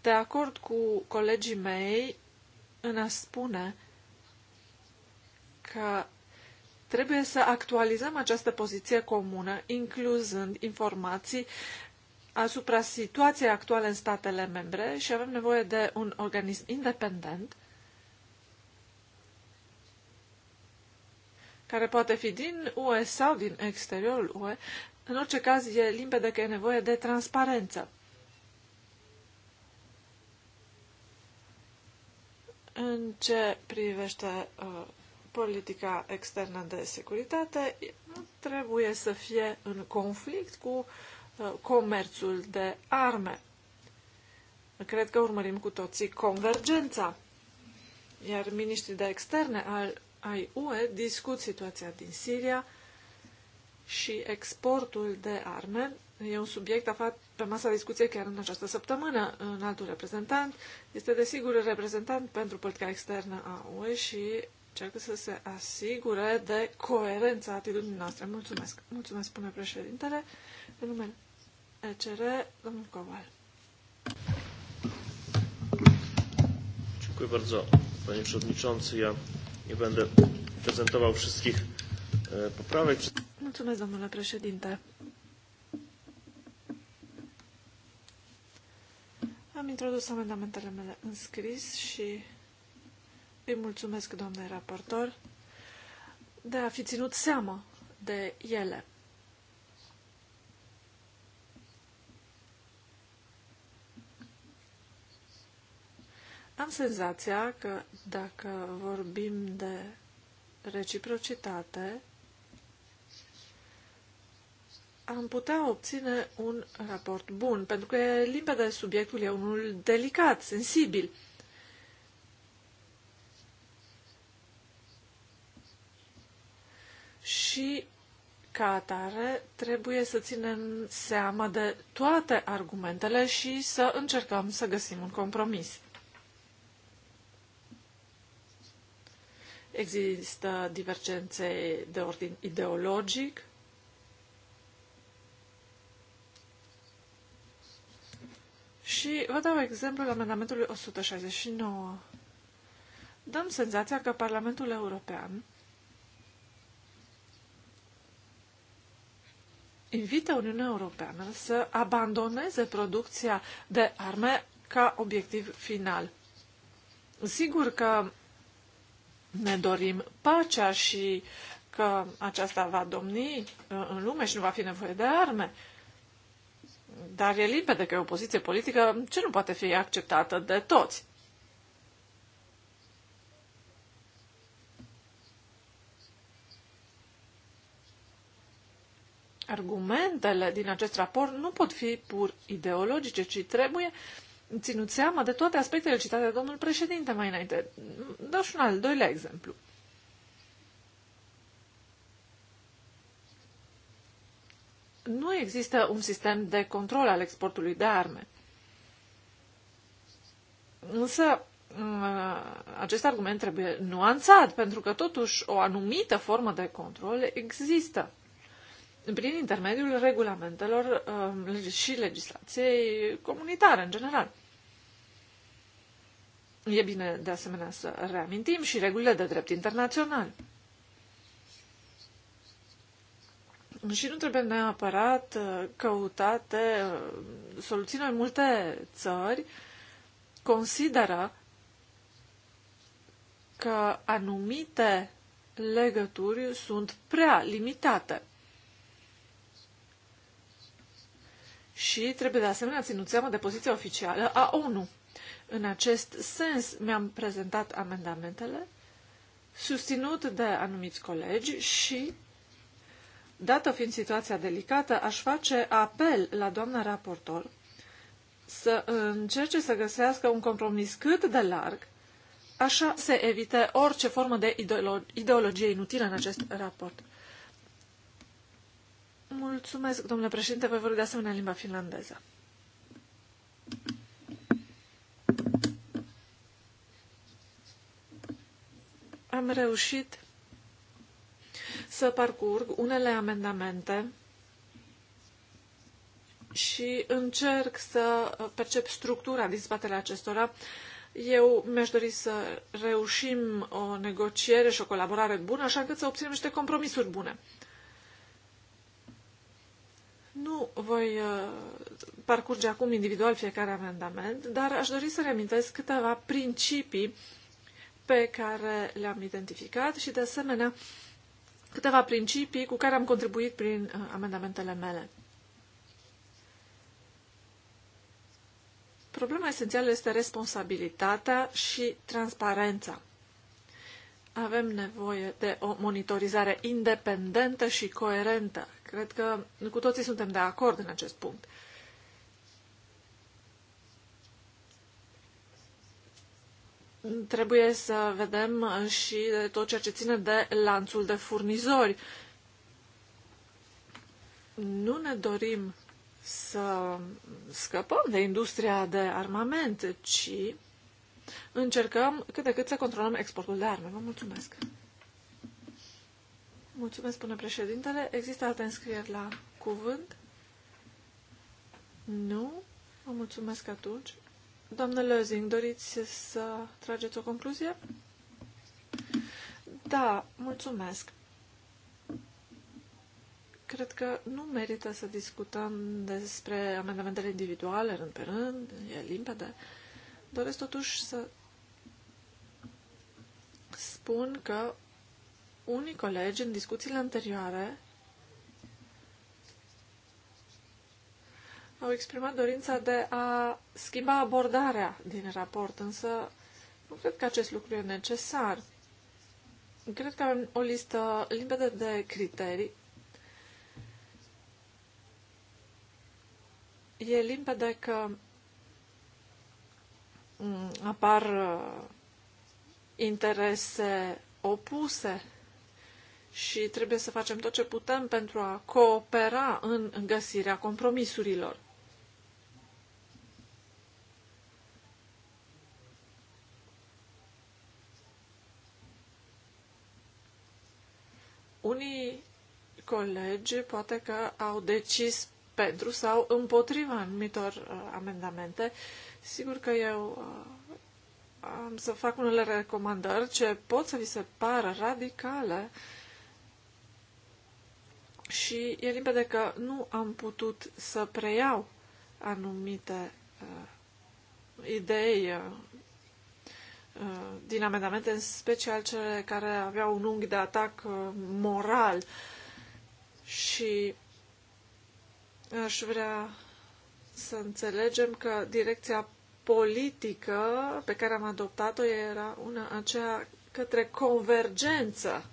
de acord cu colegii mei în a spune că trebuie să actualizăm această poziție comună, incluzând informații asupra situației actuale în statele membre și avem nevoie de un organism independent care poate fi din UE sau din exteriorul UE, în orice caz, e limpede că e nevoie de transparență. În ce privește uh, politica externă de securitate, trebuie să fie în conflict cu uh, comerțul de arme. Cred că urmărim cu toții convergența. Iar miniștrii de externe al ai UE discut situația din Siria și exportul de arme. E un subiect aflat pe masa discuției chiar în această săptămână. În altul reprezentant este desigur reprezentant pentru politica externă a UE și încearcă să se asigure de coerența atitudinii noastre. Mulțumesc. Mulțumesc, spune președintele. În numele ECR, domnul Coval. Dziękuję bardzo, panie przewodniczący. Ja nie będę prezentował wszystkich poprawek. Mulțumesc, domnule președinte. Am introdus amendamentele mele în scris și îi mulțumesc, doamnei raportor, de a fi ținut seama de ele. Am senzația că dacă vorbim de reciprocitate, am putea obține un raport bun, pentru că limpede subiectul e unul delicat, sensibil. Și ca atare trebuie să ținem seama de toate argumentele și să încercăm să găsim un compromis. Există divergențe de ordin ideologic, Și vă dau exemplul amendamentului 169. Dăm senzația că Parlamentul European invită Uniunea Europeană să abandoneze producția de arme ca obiectiv final. Sigur că ne dorim pacea și că aceasta va domni uh, în lume și nu va fi nevoie de arme, dar e limpede că e o poziție politică ce nu poate fi acceptată de toți. Argumentele din acest raport nu pot fi pur ideologice, ci trebuie ținut seama de toate aspectele citate de domnul președinte mai înainte. Dau și un al doilea exemplu. nu există un sistem de control al exportului de arme. Însă, acest argument trebuie nuanțat, pentru că totuși o anumită formă de control există prin intermediul regulamentelor um, și legislației comunitare în general. E bine, de asemenea, să reamintim și regulile de drept internațional. și nu trebuie neapărat uh, căutate uh, soluții în multe țări, consideră că anumite legături sunt prea limitate. Și trebuie de asemenea ținut seama de poziția oficială a ONU. În acest sens mi-am prezentat amendamentele susținut de anumiți colegi și Dată fiind situația delicată, aș face apel la doamna raportor să încerce să găsească un compromis cât de larg, așa se evite orice formă de ideolo- ideologie inutilă în acest raport. Mulțumesc, domnule președinte, voi vorbi de asemenea în limba finlandeză. Am reușit să parcurg unele amendamente și încerc să percep structura din spatele acestora. Eu mi-aș dori să reușim o negociere și o colaborare bună, așa încât să obținem niște compromisuri bune. Nu voi uh, parcurge acum individual fiecare amendament, dar aș dori să reamintesc câteva principii pe care le-am identificat și, de asemenea, câteva principii cu care am contribuit prin uh, amendamentele mele. Problema esențială este responsabilitatea și transparența. Avem nevoie de o monitorizare independentă și coerentă. Cred că cu toții suntem de acord în acest punct. Trebuie să vedem și tot ceea ce ține de lanțul de furnizori. Nu ne dorim să scăpăm de industria de armament, ci încercăm cât de cât să controlăm exportul de arme. Vă mulțumesc! Mulțumesc, spune președintele. Există alte înscrieri la cuvânt? Nu? Vă mulțumesc atunci. Doamnă Lăzing, doriți să trageți o concluzie? Da, mulțumesc. Cred că nu merită să discutăm despre amendamentele individuale, rând pe rând, e limpede. Doresc totuși să spun că unii colegi în discuțiile anterioare au exprimat dorința de a schimba abordarea din raport, însă nu cred că acest lucru e necesar. Cred că avem o listă limpede de criterii. E limpede că mm, apar uh, interese opuse și trebuie să facem tot ce putem pentru a coopera în găsirea compromisurilor. Unii colegi poate că au decis pentru sau împotriva anumitor uh, amendamente. Sigur că eu uh, am să fac unele recomandări ce pot să vi se pară radicale și e limpede că nu am putut să preiau anumite uh, idei uh, Uh, din amendamente, în special cele care aveau un unghi de atac uh, moral și aș vrea să înțelegem că direcția politică pe care am adoptat-o era una aceea către convergență.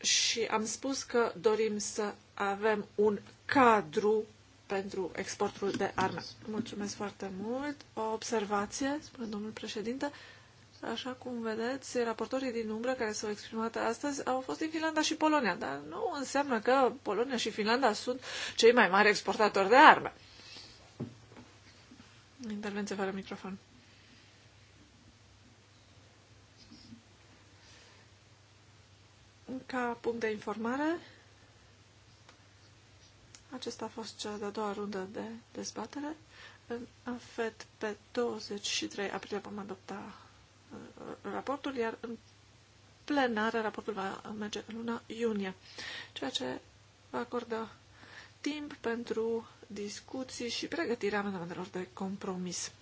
Și am spus că dorim să avem un cadru pentru exportul de arme. Mulțumesc foarte mult. O observație, spune domnul președinte. Așa cum vedeți, raportorii din umbră care s-au exprimat astăzi au fost din Finlanda și Polonia, dar nu înseamnă că Polonia și Finlanda sunt cei mai mari exportatori de arme. Intervenție fără microfon. Ca punct de informare, acesta a fost cea de-a doua rundă de dezbatere. În afet, pe 23 aprilie vom adopta uh, raportul, iar în plenară raportul va merge în luna iunie, ceea ce va acorda timp pentru discuții și pregătirea amendamentelor de compromis.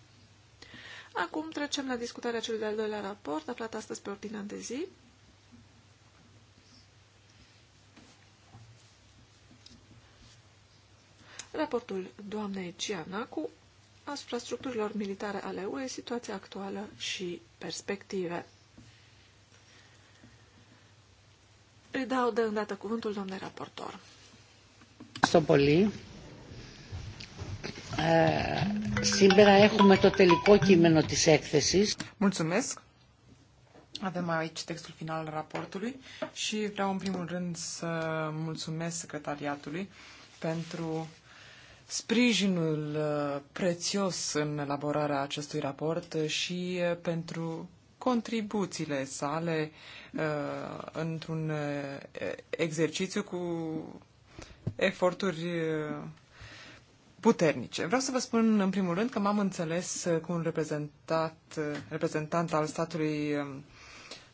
Acum trecem la discutarea celui de-al doilea raport, aflat astăzi pe ordinea de zi, raportul doamnei Gianacu asupra structurilor militare ale UE, situația actuală și perspective. Îi dau de îndată cuvântul doamnei raportor. Sopoli. Σήμερα έχουμε το τελικό κείμενο της έκθεσης. Mulțumesc. Avem aici textul final al raportului și vreau în primul rând să mulțumesc secretariatului pentru sprijinul uh, prețios în elaborarea acestui raport și uh, pentru contribuțiile sale uh, într-un exercițiu cu eforturi puternice. Vreau să vă spun în primul rând că m-am înțeles cu un reprezentat, reprezentant al statului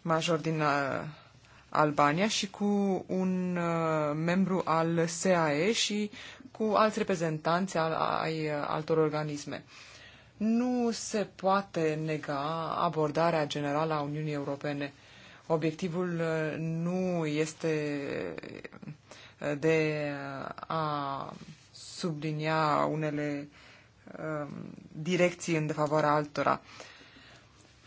major din Albania și cu un uh, membru al SAE și cu alți reprezentanți ai uh, altor organisme. Nu se poate nega abordarea generală a Uniunii Europene. Obiectivul uh, nu este de a sublinia unele um, direcții în defavoarea altora.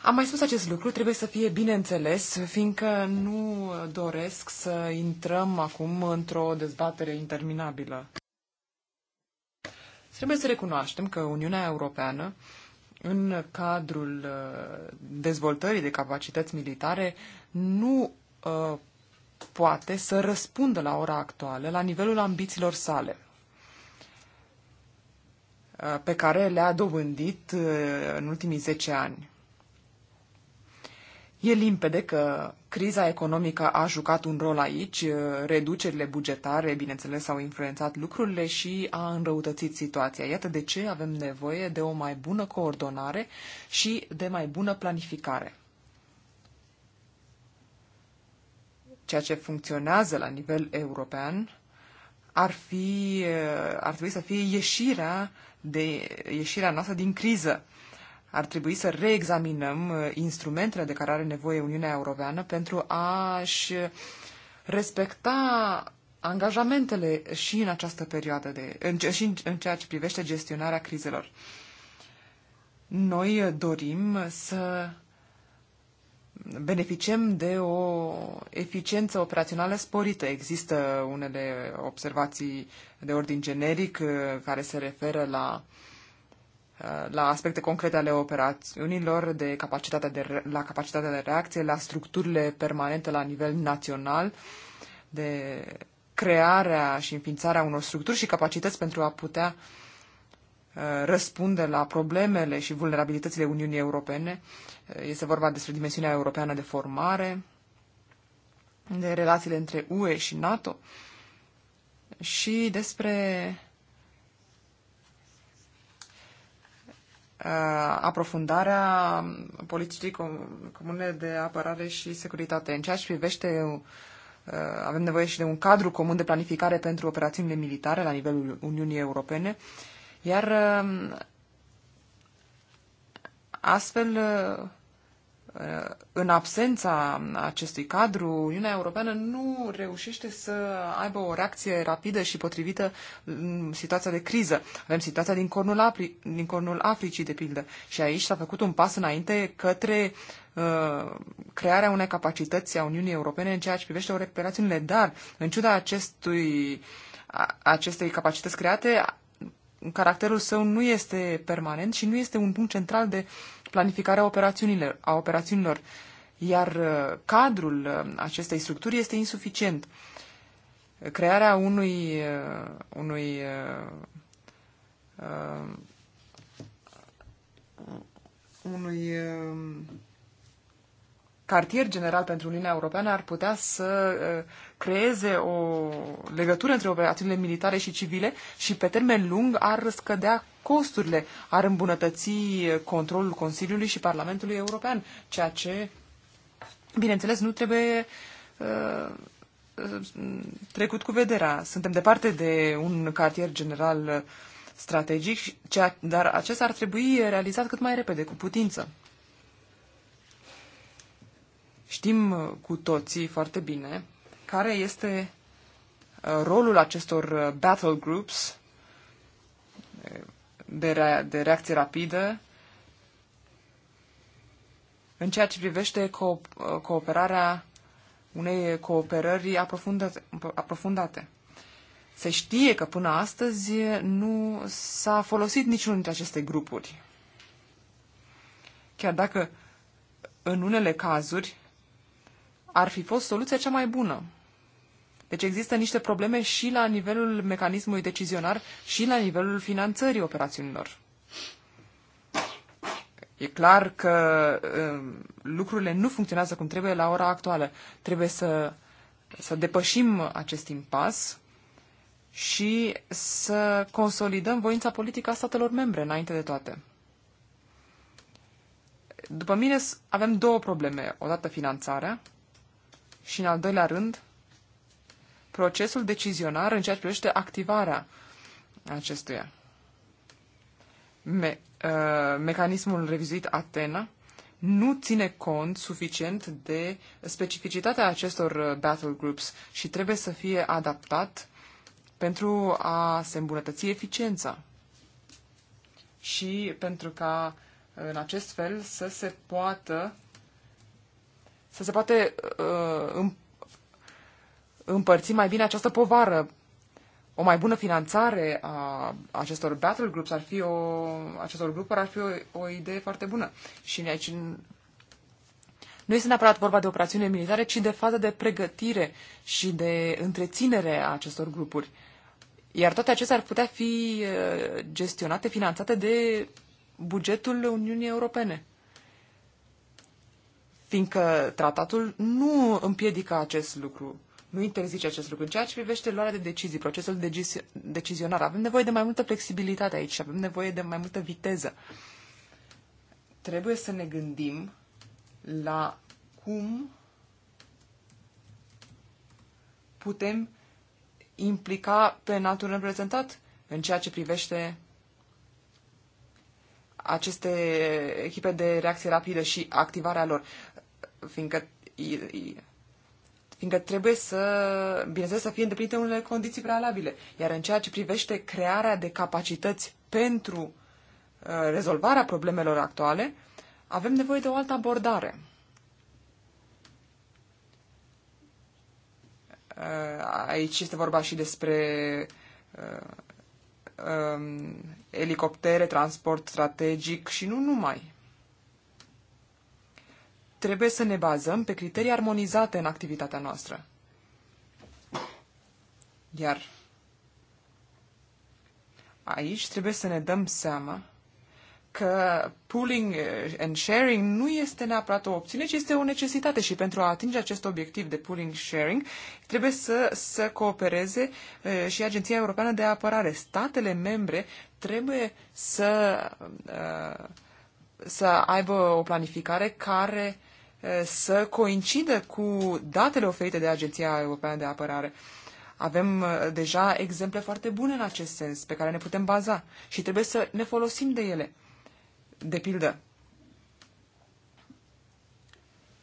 Am mai spus acest lucru, trebuie să fie bine înțeles, fiindcă nu doresc să intrăm acum într-o dezbatere interminabilă. Trebuie să recunoaștem că Uniunea Europeană, în cadrul uh, dezvoltării de capacități militare, nu uh, poate să răspundă la ora actuală la nivelul ambițiilor sale uh, pe care le-a dobândit uh, în ultimii 10 ani. E limpede că criza economică a jucat un rol aici, uh, reducerile bugetare, bineînțeles, au influențat lucrurile și a înrăutățit situația. Iată de ce avem nevoie de o mai bună coordonare și de mai bună planificare. Ceea ce funcționează la nivel european ar, fi, uh, ar trebui să fie ieșirea, de, ieșirea noastră din criză ar trebui să reexaminăm uh, instrumentele de care are nevoie Uniunea Europeană pentru a-și respecta angajamentele și în această perioadă de, în, și în, în ceea ce privește gestionarea crizelor. Noi uh, dorim să beneficiem de o eficiență operațională sporită. Există unele observații de ordin generic uh, care se referă la uh, Uh, la aspecte concrete ale operațiunilor, de capacitatea de, la capacitatea de reacție, la structurile permanente la nivel național, de crearea și înființarea unor structuri și capacități pentru a putea uh, răspunde la problemele și vulnerabilitățile Uniunii Europene. Uh, este vorba despre dimensiunea europeană de formare, de relațiile între UE și NATO și despre Uh, aprofundarea politicii comune de apărare și securitate. În ceea ce privește, uh, avem nevoie și de un cadru comun de planificare pentru operațiunile militare la nivelul Uniunii Europene, iar um, astfel uh, Uh, în absența acestui cadru, Uniunea Europeană nu reușește să aibă o reacție rapidă și potrivită în situația de criză. Avem situația din cornul, Apri- din cornul Africii, de pildă, și aici s-a făcut un pas înainte către uh, crearea unei capacități a Uniunii Europene în ceea ce privește operațiunile, dar în ciuda acestui, a, acestei capacități create, caracterul său nu este permanent și nu este un punct central de uh, planificarea operațiunilor, a operațiunilor, iar uh, cadrul uh, acestei structuri este insuficient. Crearea unui, uh, unui unui cartier general pentru Uniunea Europeană ar putea să creeze o legătură între operațiunile militare și civile și pe termen lung ar scădea costurile, ar îmbunătăți controlul Consiliului și Parlamentului European, ceea ce, bineînțeles, nu trebuie uh, trecut cu vederea. Suntem departe de un cartier general strategic, ceea, dar acesta ar trebui realizat cât mai repede, cu putință. Știm cu toții foarte bine care este uh, rolul acestor uh, battle groups uh, de, re- de reacție rapidă în ceea ce privește co- cooperarea unei cooperări aprofundate, aprofundate. Se știe că până astăzi nu s-a folosit niciunul dintre aceste grupuri. Chiar dacă în unele cazuri ar fi fost soluția cea mai bună. Deci există niște probleme și la nivelul mecanismului decizionar și la nivelul finanțării operațiunilor. E clar că um, lucrurile nu funcționează cum trebuie la ora actuală. Trebuie să, să depășim acest impas și să consolidăm voința politică a statelor membre, înainte de toate. După mine avem două probleme. Odată finanțarea și, în al doilea rând, procesul decizionar în ceea ce privește activarea acestuia. Me, uh, mecanismul revizuit Atena nu ține cont suficient de specificitatea acestor uh, battle groups și trebuie să fie adaptat pentru a se îmbunătăți eficiența și pentru ca uh, în acest fel să se poată să se poate uh, împărți mai bine această povară. O mai bună finanțare a acestor battle groups ar fi o, acestor grupuri ar fi o, o idee foarte bună. Și aici nu este neapărat vorba de operațiune militare, ci de faza de pregătire și de întreținere a acestor grupuri. Iar toate acestea ar putea fi uh, gestionate, finanțate de bugetul Uniunii Europene. Fiindcă tratatul nu împiedică acest lucru nu interzice acest lucru. În ceea ce privește luarea de decizii, procesul decizional, avem nevoie de mai multă flexibilitate aici și avem nevoie de mai multă viteză. Trebuie să ne gândim la cum putem implica pe natul reprezentat în ceea ce privește aceste echipe de reacție rapidă și activarea lor, fiindcă fiindcă trebuie să, bineînțeles, să fie îndeplinite unele condiții prealabile. Iar în ceea ce privește crearea de capacități pentru uh, rezolvarea problemelor actuale, avem nevoie de o altă abordare. Uh, aici este vorba și despre uh, um, elicoptere, transport strategic și nu numai trebuie să ne bazăm pe criterii armonizate în activitatea noastră. Iar aici trebuie să ne dăm seama că pooling and sharing nu este neapărat o opțiune, ci este o necesitate și pentru a atinge acest obiectiv de pooling sharing trebuie să, să coopereze și Agenția Europeană de Apărare. Statele membre trebuie să, să aibă o planificare care să coincidă cu datele oferite de Agenția Europeană de Apărare. Avem uh, deja exemple foarte bune în acest sens, pe care ne putem baza și trebuie să ne folosim de ele. De pildă,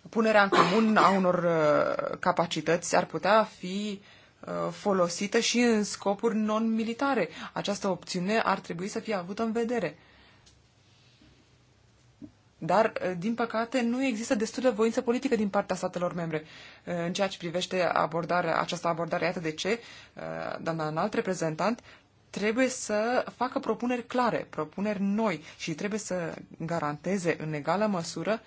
punerea în comun a unor uh, capacități ar putea fi uh, folosită și în scopuri non-militare. Această opțiune ar trebui să fie avută în vedere. Dar, eh, din păcate, nu există destulă voință politică din partea statelor membre eh, în ceea ce privește abordarea, această abordare. Iată de ce, eh, doamna înalt reprezentant, trebuie să facă propuneri clare, propuneri noi și trebuie să garanteze în egală măsură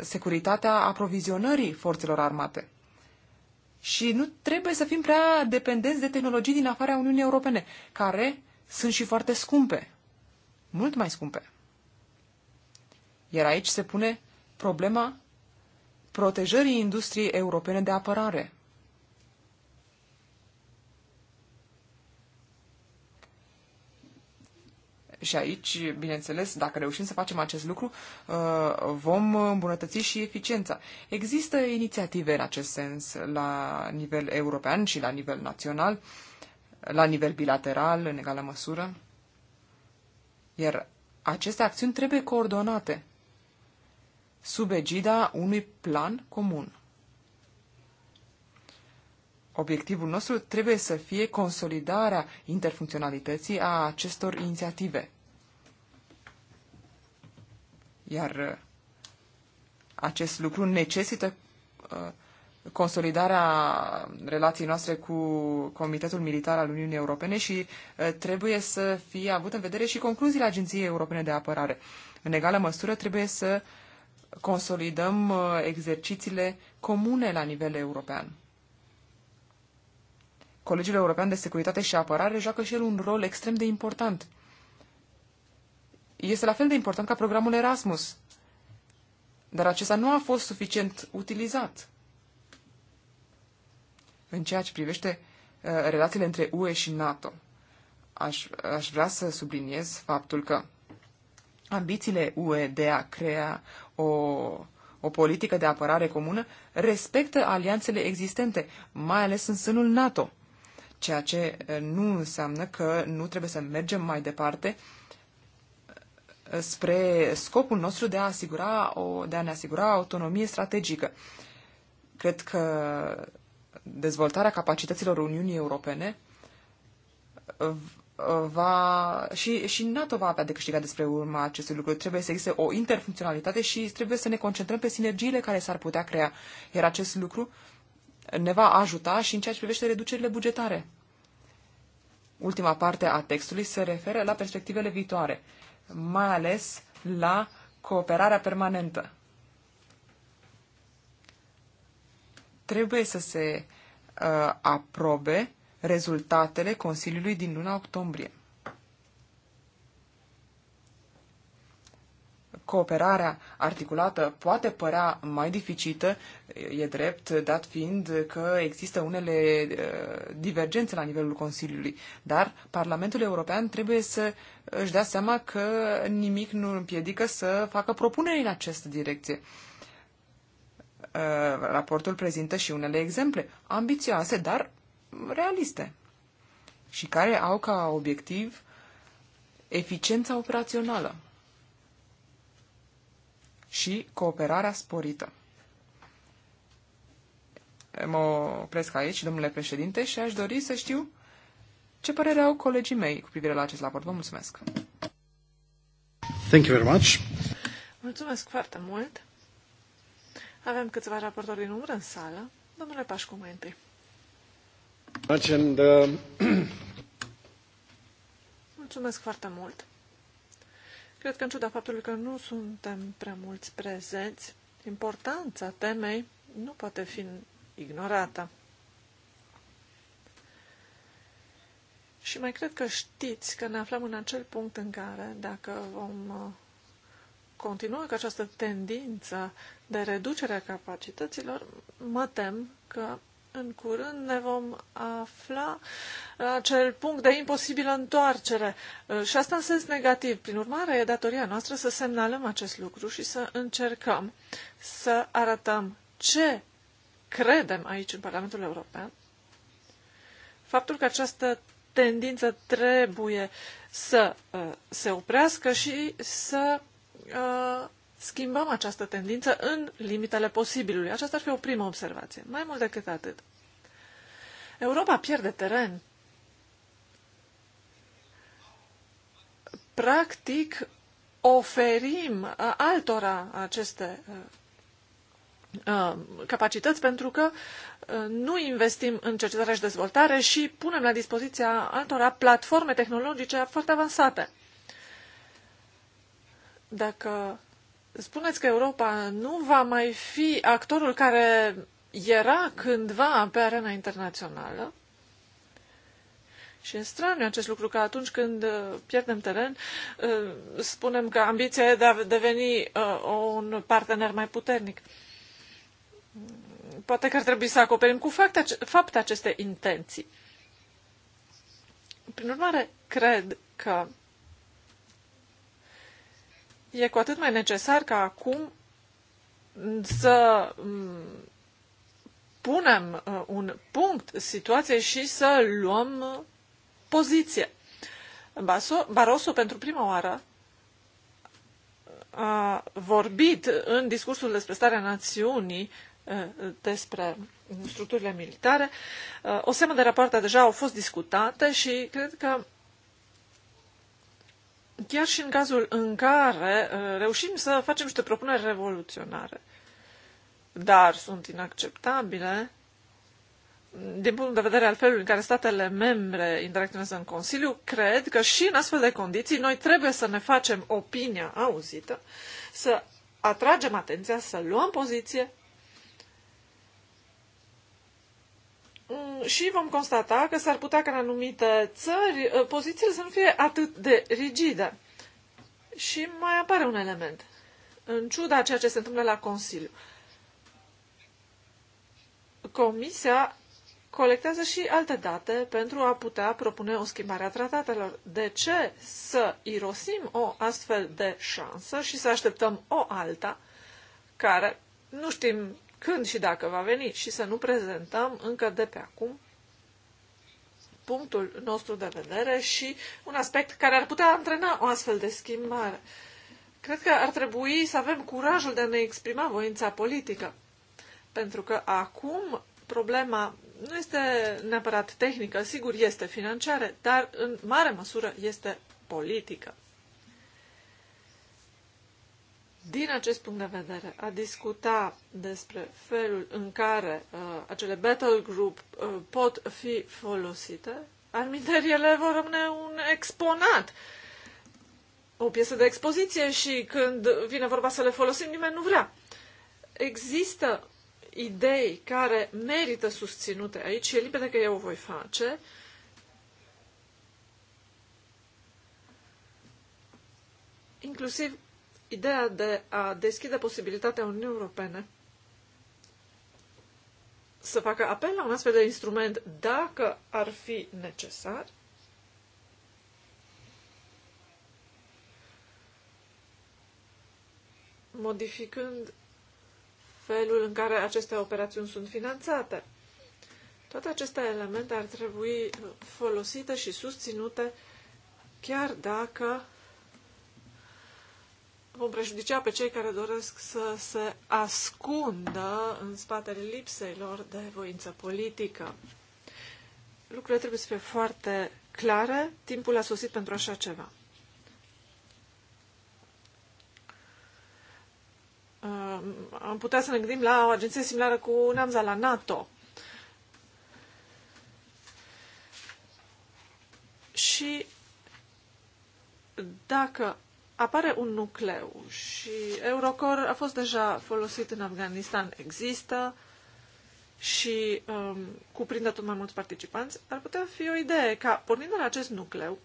securitatea aprovizionării forțelor armate. Și nu trebuie să fim prea dependenți de tehnologii din afara Uniunii Europene, care sunt și foarte scumpe. Mult mai scumpe. Iar aici se pune problema protejării industriei europene de apărare. Și aici, bineînțeles, dacă reușim să facem acest lucru, uh, vom îmbunătăți și eficiența. Există inițiative în acest sens la nivel european și la nivel național la nivel bilateral, în egală măsură. Iar aceste acțiuni trebuie coordonate sub egida unui plan comun. Obiectivul nostru trebuie să fie consolidarea interfuncționalității a acestor inițiative. Iar uh, acest lucru necesită uh, consolidarea relației noastre cu Comitetul Militar al Uniunii Europene și uh, trebuie să fie avut în vedere și concluziile Agenției Europene de Apărare. În egală măsură trebuie să consolidăm uh, exercițiile comune la nivel european. Colegiul European de Securitate și Apărare joacă și el un rol extrem de important. Este la fel de important ca programul Erasmus, dar acesta nu a fost suficient utilizat în ceea ce privește uh, relațiile între UE și NATO. Aș, aș vrea să subliniez faptul că ambițiile UE de a crea o, o politică de apărare comună respectă alianțele existente, mai ales în sânul NATO, ceea ce uh, nu înseamnă că nu trebuie să mergem mai departe uh, spre scopul nostru de a, asigura o, de a ne asigura autonomie strategică. Cred că dezvoltarea capacităților Uniunii Europene va, și, și NATO va avea de câștigat despre urma acestui lucru. Trebuie să existe o interfuncționalitate și trebuie să ne concentrăm pe sinergiile care s-ar putea crea. Iar acest lucru ne va ajuta și în ceea ce privește reducerile bugetare. Ultima parte a textului se referă la perspectivele viitoare, mai ales la cooperarea permanentă. trebuie să se uh, aprobe rezultatele Consiliului din luna octombrie. Cooperarea articulată poate părea mai dificită, e drept, dat fiind că există unele uh, divergențe la nivelul Consiliului, dar Parlamentul European trebuie să își dea seama că nimic nu împiedică să facă propuneri în această direcție. Uh, Uh, raportul prezintă și unele exemple ambițioase, dar realiste și care au ca obiectiv eficiența operațională și cooperarea sporită. Mă opresc aici, domnule președinte, și aș dori să știu ce părere au colegii mei cu privire la acest raport. Vă mulțumesc! Thank you very much! Mulțumesc foarte mult! Avem câțiva raportori din umbră în sală. Domnule Pașcu, mai întâi. Mulțumesc foarte mult. Cred că în ciuda faptului că nu suntem prea mulți prezenți, importanța temei nu poate fi ignorată. Și mai cred că știți că ne aflăm în acel punct în care, dacă vom uh, continua cu această tendință de reducere a capacităților, mă tem că în curând ne vom afla la acel punct de imposibilă întoarcere. Uh, și asta în sens negativ. Prin urmare, e datoria noastră să semnalăm acest lucru și să încercăm să arătăm ce credem aici în Parlamentul European. Faptul că această tendință trebuie să uh, se oprească și să uh, schimbăm această tendință în limitele posibilului. Aceasta ar fi o primă observație. Mai mult decât atât. Europa pierde teren. Practic, oferim uh, altora aceste uh, uh, capacități pentru că nu investim în cercetare și dezvoltare și punem la dispoziția altora platforme tehnologice foarte avansate. Dacă spuneți că Europa nu va mai fi actorul care era cândva pe arena internațională. Și e straniu acest lucru, că atunci când uh, pierdem teren, uh, spunem că ambiția e de a deveni uh, un partener mai puternic. Poate că ar trebui să acoperim cu fapte, fapte aceste intenții. Prin urmare, cred că e cu atât mai necesar ca acum să mm, punem uh, un punct situației și să luăm poziție. Barroso, pentru prima oară, a vorbit în discursul despre starea națiunii uh, despre structurile militare. Uh, o seamă de rapoarte deja au fost discutate și cred că chiar și în cazul în care uh, reușim să facem niște propuneri revoluționare, dar sunt inacceptabile din punct de vedere al felului în care statele membre interacționează în Consiliu, cred că și în astfel de condiții noi trebuie să ne facem opinia auzită, să atragem atenția, să luăm poziție Mm, și vom constata că s-ar putea ca în anumite țări uh, pozițiile să nu fie atât de rigide. Și mai apare un element. În ciuda ceea ce se întâmplă la Consiliu, Comisia colectează și alte date pentru a putea propune o schimbare a tratatelor. De ce să irosim o astfel de șansă și să așteptăm o alta care nu știm când și dacă va veni și să nu prezentăm încă de pe acum punctul nostru de vedere și un aspect care ar putea antrena o astfel de schimbare. Cred că ar trebui să avem curajul de a ne exprima voința politică, pentru că acum problema nu este neapărat tehnică, sigur este financiară, dar în mare măsură este politică din acest punct de vedere, a discuta despre felul în care uh, acele battle group uh, pot fi folosite, anumiter ele vor rămâne un exponat, o piesă de expoziție și când vine vorba să le folosim, nimeni nu vrea. Există idei care merită susținute aici și e limpede că eu o voi face, inclusiv ideea de a deschide posibilitatea Uniunii Europene să facă apel la un astfel de instrument dacă ar fi necesar, modificând felul în care aceste operațiuni sunt finanțate. Toate aceste elemente ar trebui folosite și susținute chiar dacă vom prejudicia pe cei care doresc să se ascundă în spatele lor de voință politică. Lucrurile trebuie să fie foarte clare. Timpul a sosit pentru așa ceva. Am putea să ne gândim la o agenție similară cu Namza la NATO. Și dacă apare un nucleu și Eurocor a fost deja folosit în Afganistan, există și um, cuprinde tot mai mulți participanți, ar putea fi o idee ca, pornind de la acest nucleu,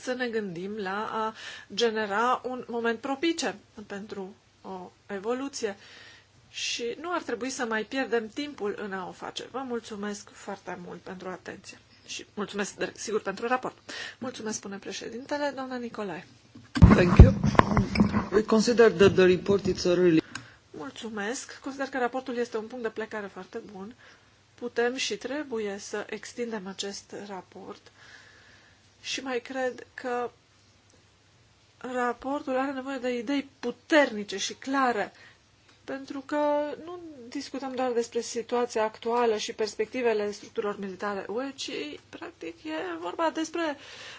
să ne gândim la a genera un moment propice pentru o evoluție și nu ar trebui să mai pierdem timpul în a o face. Vă mulțumesc foarte mult pentru atenție și mulțumesc, sigur, pentru raport. Mulțumesc, spune președintele, doamna Nicolae. Thank you. We consider that the report is a really... Mulțumesc. Consider că raportul este un punct de plecare foarte bun. Putem și trebuie să extindem acest raport și mai cred că raportul are nevoie de idei puternice și clare, pentru că nu discutăm doar despre situația actuală și perspectivele structurilor militare UE, ci, practic, e vorba despre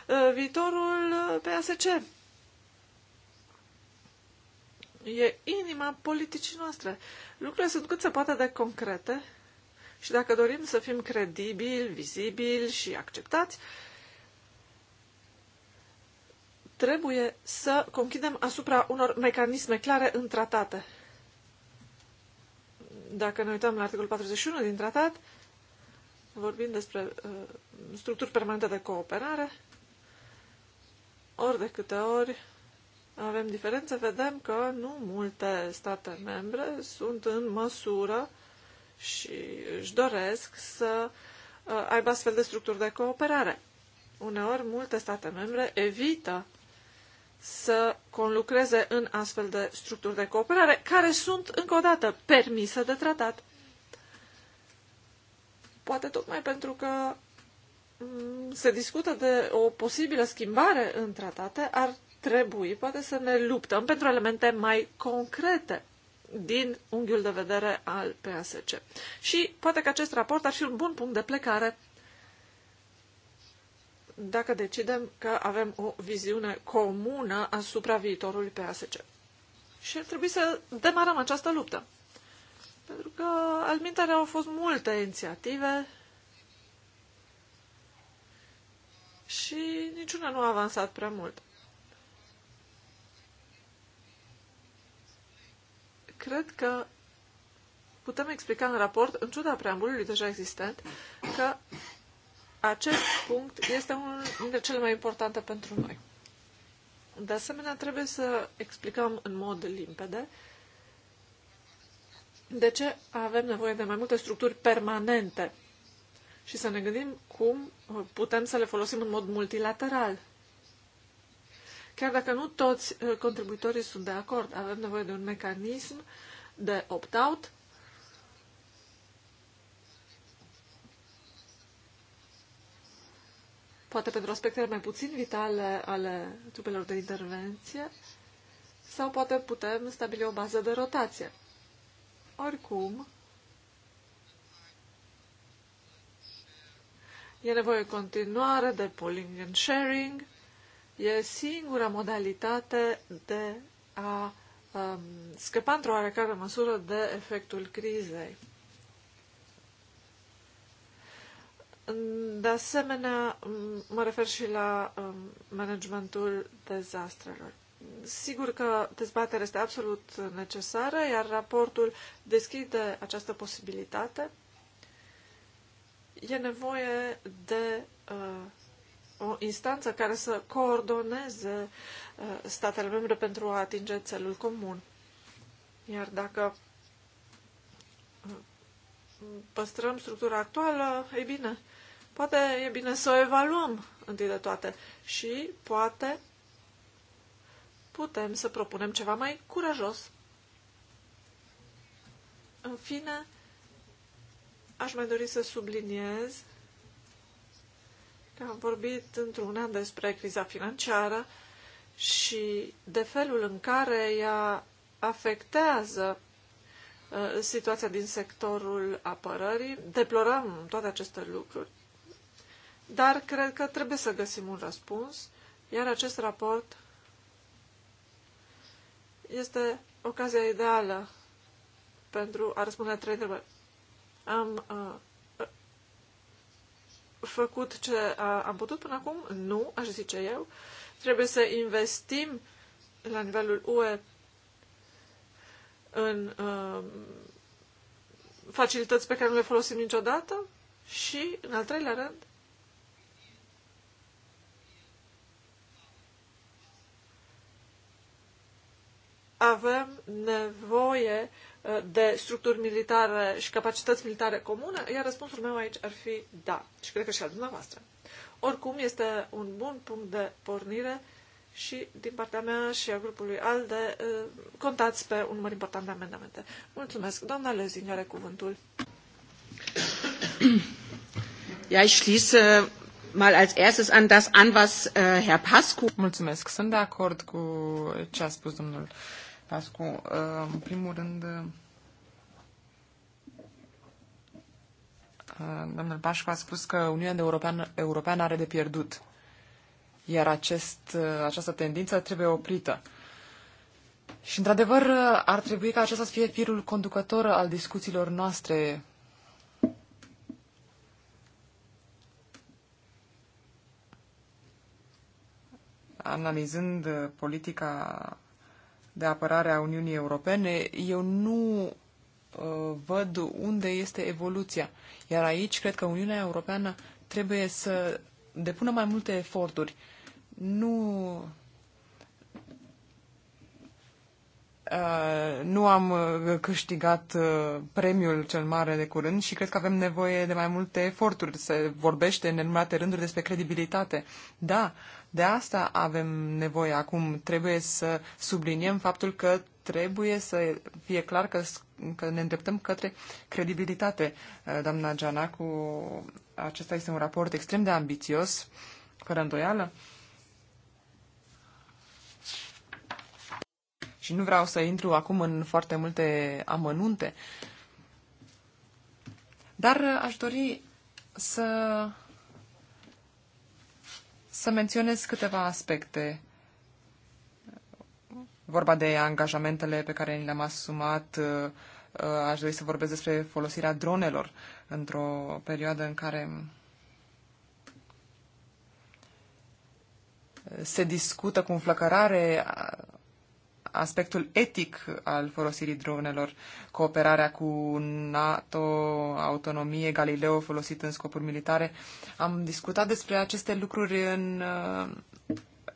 uh, viitorul uh, PSC. E inima politicii noastre. Lucrurile sunt cât se poate de concrete și dacă dorim să fim credibili, vizibili și acceptați, trebuie să conchidem asupra unor mecanisme clare în tratate. Dacă ne uităm la articolul 41 din tratat, vorbim despre uh, structuri permanente de cooperare, ori de câte ori avem diferențe, vedem că nu multe state membre sunt în măsură și își doresc să uh, aibă astfel de structuri de cooperare. Uneori, multe state membre evită să conlucreze în astfel de structuri de cooperare, care sunt, încă o dată, permise de tratat. Poate tocmai pentru că mm, se discută de o posibilă schimbare în tratate, ar trebui poate să ne luptăm pentru elemente mai concrete din unghiul de vedere al PASC. Și poate că acest raport ar fi un bun punct de plecare dacă decidem că avem o viziune comună asupra viitorului PASC. Și ar trebui să demarăm această luptă. Pentru că al au fost multe inițiative și niciuna nu a avansat prea mult. Cred că putem explica în raport, în ciuda preambulului deja existent, că acest punct este unul dintre cele mai importante pentru noi. De asemenea, trebuie să explicăm în mod limpede de ce avem nevoie de mai multe structuri permanente și să ne gândim cum putem să le folosim în mod multilateral Chiar dacă nu toți uh, contribuitorii sunt de acord, avem nevoie de un mecanism de opt-out poate pentru aspectele mai puțin vitale ale trupelor de intervenție, sau poate putem stabili o bază de rotație. Oricum, e nevoie continuare de polling and sharing, E singura modalitate de a um, scăpa într-o oarecare măsură de efectul crizei. De asemenea, mă refer și la um, managementul dezastrelor. Sigur că dezbaterea este absolut necesară, iar raportul deschide această posibilitate. E nevoie de uh, o instanță care să coordoneze uh, statele membre pentru a atinge țelul comun. Iar dacă uh, păstrăm structura actuală, e bine. Poate e bine să o evaluăm întâi de toate și poate putem să propunem ceva mai curajos. În fine, aș mai dori să subliniez că am vorbit într-una despre criza financiară și de felul în care ea afectează uh, situația din sectorul apărării. Deplorăm toate aceste lucruri, dar cred că trebuie să găsim un răspuns, iar acest raport este ocazia ideală pentru a răspunde trei întrebări. Am uh, făcut ce am putut până acum? Nu, aș zice eu. Trebuie să investim la nivelul UE în uh, facilități pe care nu le folosim niciodată și, în al treilea rând, avem nevoie de structuri militare și capacități militare comune? Iar răspunsul meu aici ar fi da. Și cred că și al dumneavoastră. Oricum, este un bun punct de pornire și din partea mea și a grupului ALDE uh, contați pe un număr important de amendamente. Mulțumesc. Doamna Lezin are cuvântul. Ja, ich schließe äh, mal als erstes an das an, was äh, Herr Pascu. Mulțumesc. Sunt de acord cu ce a spus domnul Pascu. Uh, în primul rând, uh, domnul Pașcu a spus că Uniunea Europeană, Europeană are de pierdut, iar acest, uh, această tendință trebuie oprită. Și, într-adevăr, ar trebui ca acesta să fie firul conducător al discuțiilor noastre analizând politica de apărare a Uniunii Europene, eu nu uh, văd unde este evoluția. Iar aici cred că Uniunea Europeană trebuie să depună mai multe eforturi. Nu Uh, nu am uh, câștigat uh, premiul cel mare de curând și cred că avem nevoie de mai multe eforturi. Se vorbește în nenumărate rânduri despre credibilitate. Da, de asta avem nevoie acum. Trebuie să subliniem faptul că trebuie să fie clar că, că ne îndreptăm către credibilitate. Uh, doamna Gianacu, acesta este un raport extrem de ambițios, fără îndoială. Și nu vreau să intru acum în foarte multe amănunte. Dar uh, aș dori să să menționez câteva aspecte. Vorba de angajamentele pe care ni le-am asumat, uh, uh, aș dori să vorbesc despre folosirea dronelor într-o perioadă în care se discută cu înflăcărare uh, aspectul etic al folosirii dronelor, cooperarea cu NATO, autonomie, Galileo folosit în scopuri militare. Am discutat despre aceste lucruri în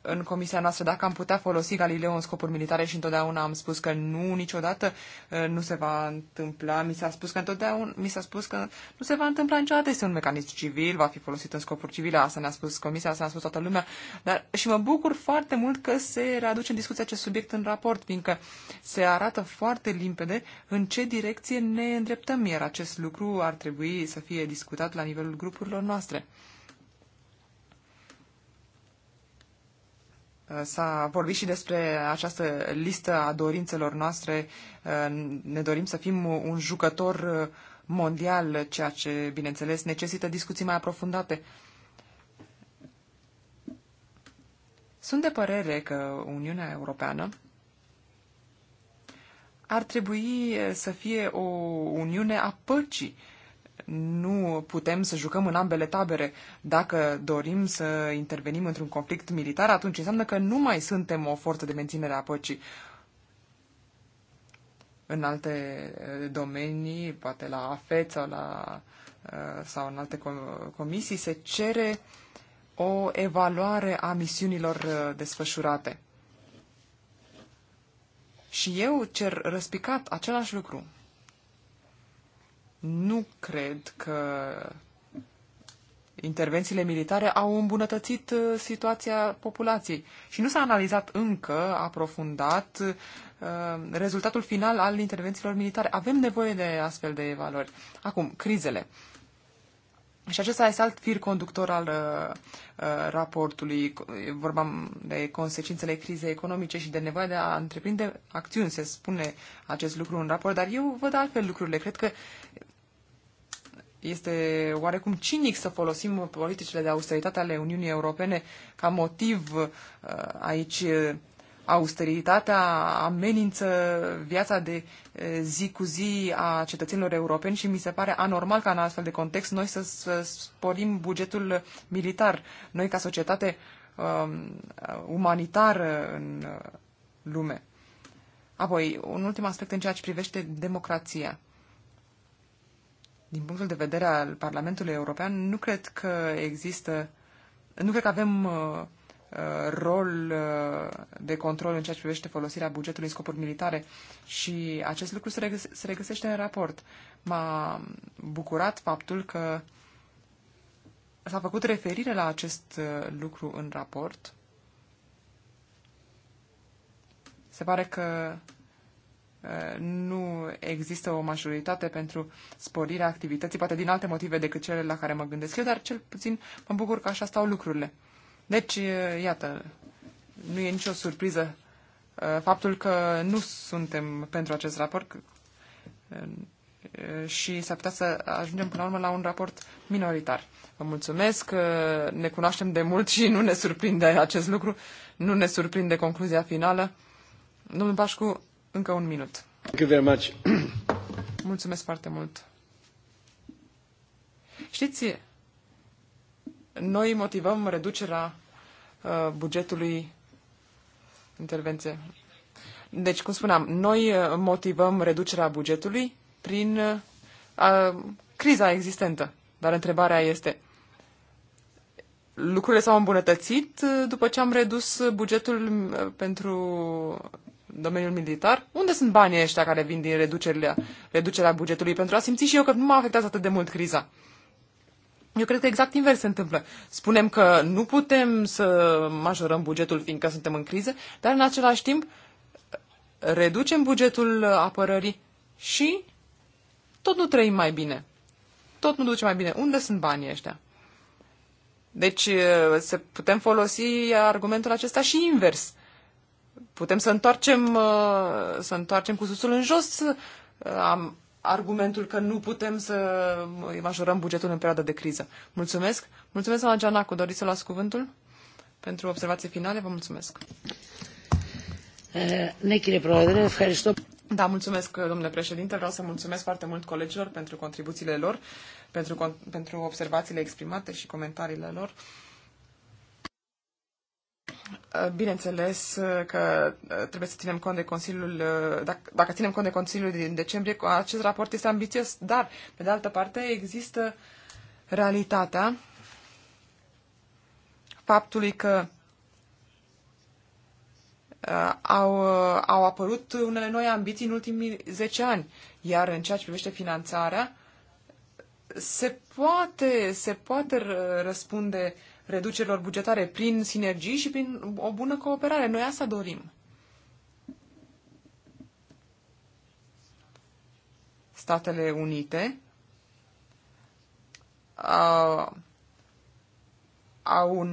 în comisia noastră dacă am putea folosi Galileu în scopuri militare și întotdeauna am spus că nu, niciodată uh, nu se va întâmpla. Mi s-a spus că întotdeauna, mi s-a spus că nu se va întâmpla niciodată. Este un mecanism civil, va fi folosit în scopuri civile, asta ne-a spus comisia, asta ne-a spus toată lumea. Dar și mă bucur foarte mult că se readuce în discuție acest subiect în raport, fiindcă se arată foarte limpede în ce direcție ne îndreptăm, iar acest lucru ar trebui să fie discutat la nivelul grupurilor noastre. S-a vorbit și despre această listă a dorințelor noastre. Ne dorim să fim un jucător mondial, ceea ce, bineînțeles, necesită discuții mai aprofundate. Sunt de părere că Uniunea Europeană ar trebui să fie o uniune a păcii, nu putem să jucăm în ambele tabere. Dacă dorim să intervenim într-un conflict militar, atunci înseamnă că nu mai suntem o forță de menținere a păcii. În alte eh, domenii, poate la AFET sau, la, eh, sau în alte comisii, se cere o evaluare a misiunilor eh, desfășurate. Și eu cer răspicat același lucru. Nu cred că intervențiile militare au îmbunătățit uh, situația populației și nu s-a analizat încă aprofundat uh, rezultatul final al intervențiilor militare. Avem nevoie de astfel de evaluări. Acum, crizele. Și acesta este alt fir conductor al uh, uh raportului. Vorbam de consecințele crizei economice și de nevoia de a întreprinde acțiuni. Se spune acest lucru în raport, dar eu văd altfel lucrurile. Cred că este oarecum cinic să folosim politicile de austeritate ale Uniunii Europene ca motiv uh, aici. Uh, austeritatea amenință viața de uh, zi cu zi a cetățenilor europeni și mi se pare anormal ca în astfel de context noi să, sporim bugetul militar. Noi ca societate um, umanitară în lume. Apoi, un ultim aspect în ceea ce privește democrația din punctul de vedere al Parlamentului European, nu cred că există, nu cred că avem uh, uh rol uh, de control în ceea ce privește folosirea bugetului în scopuri militare și acest lucru se, regăse, se regăsește în raport. M-a bucurat faptul că s-a făcut referire la acest uh, lucru în raport. Se pare că nu există o majoritate pentru sporirea activității, poate din alte motive decât cele la care mă gândesc eu, dar cel puțin mă bucur că așa stau lucrurile. Deci, iată, nu e nicio surpriză faptul că nu suntem pentru acest raport și s-ar putea să ajungem până la urmă la un raport minoritar. Vă mulțumesc, ne cunoaștem de mult și nu ne surprinde acest lucru, nu ne surprinde concluzia finală. Domnul Pașcu, încă un minut. Thank you very much. Mulțumesc foarte mult. Știți, noi motivăm reducerea uh, bugetului intervenție. Deci, cum spuneam, noi uh, motivăm reducerea bugetului prin uh, criza existentă. Dar întrebarea este, lucrurile s-au îmbunătățit uh, după ce am redus bugetul uh, pentru domeniul militar, unde sunt banii ăștia care vin din reducerile, reducerea bugetului pentru a simți și eu că nu mă afectează atât de mult criza? Eu cred că exact invers se întâmplă. Spunem că nu putem să majorăm bugetul fiindcă suntem în criză, dar în același timp reducem bugetul apărării și tot nu trăim mai bine. Tot nu duce mai bine. Unde sunt banii ăștia? Deci eh, se putem folosi argumentul acesta și invers putem să întoarcem, uh, să întoarcem cu susul în jos uh, am argumentul că nu putem să majorăm bugetul în perioada de criză. Mulțumesc. Mulțumesc, Ana Gianacu. Doriți să luați cuvântul? Pentru observații finale, vă mulțumesc. Eh, Nechile Prodere, Haristo. Da, mulțumesc, domnule președinte. Vreau să mulțumesc foarte mult colegilor pentru contribuțiile lor, pentru, pentru observațiile exprimate și comentariile lor. Uh, Eh, bineînțeles eh, că eh, trebuie să ținem cont de Consiliul, dacă, dacă ținem cont de Consiliul din decembrie, acest raport este ambițios, dar, pe de altă parte, există realitatea faptului că au, au apărut unele noi ambiții în ultimii 10 ani, iar în ceea ce privește finanțarea, se poate, se poate răspunde uh, reducerilor bugetare prin sinergii și prin o bună cooperare. Noi asta dorim. Statele Unite au, un,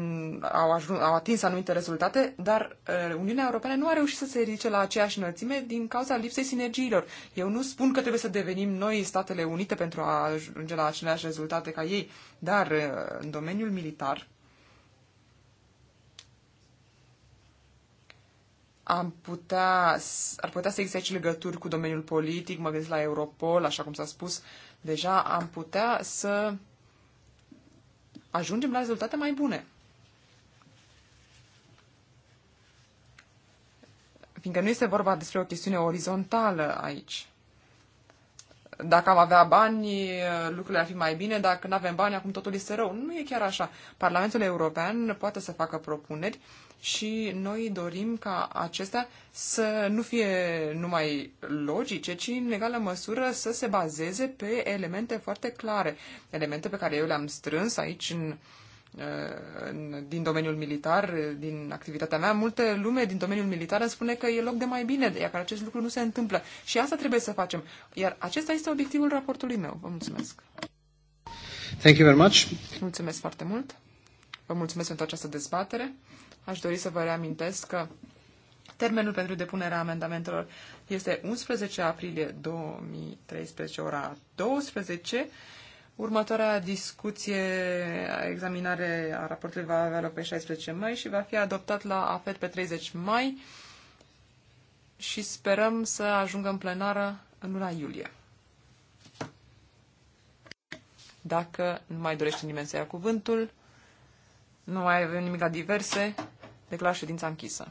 au, ajuns, au atins anumite rezultate, dar Uniunea Europeană nu a reușit să se ridice la aceeași înălțime din cauza lipsei sinergiilor. Eu nu spun că trebuie să devenim noi Statele Unite pentru a ajunge la aceleași rezultate ca ei, dar în domeniul militar am putea, ar putea să existe legături cu domeniul politic, mă gândesc la Europol, așa cum s-a spus deja, am putea să ajungem la rezultate mai bune. Fiindcă nu este vorba despre o chestiune orizontală aici. Dacă am avea bani, lucrurile ar fi mai bine, dacă nu avem bani, acum totul este rău. Nu e chiar așa. Parlamentul European poate să facă propuneri și noi dorim ca acestea să nu fie numai logice, ci în egală măsură să se bazeze pe elemente foarte clare, elemente pe care eu le-am strâns aici în, uh, în, din domeniul militar, din activitatea mea, multe lume din domeniul militar îmi spune că e loc de mai bine, iar acest lucru nu se întâmplă. Și asta trebuie să facem. Iar acesta este obiectivul raportului meu. Vă mulțumesc. Thank you very much. Mulțumesc foarte mult. Vă mulțumesc pentru această dezbatere aș dori să vă reamintesc că termenul pentru depunerea amendamentelor este 11 aprilie 2013, ora 12. Următoarea discuție, examinare a raportului va avea loc pe 16 mai și va fi adoptat la AFET pe 30 mai și sperăm să ajungă în plenară în luna iulie. Dacă nu mai dorește nimeni să ia cuvântul, nu mai avem nimic la diverse, Declar ședința închisă.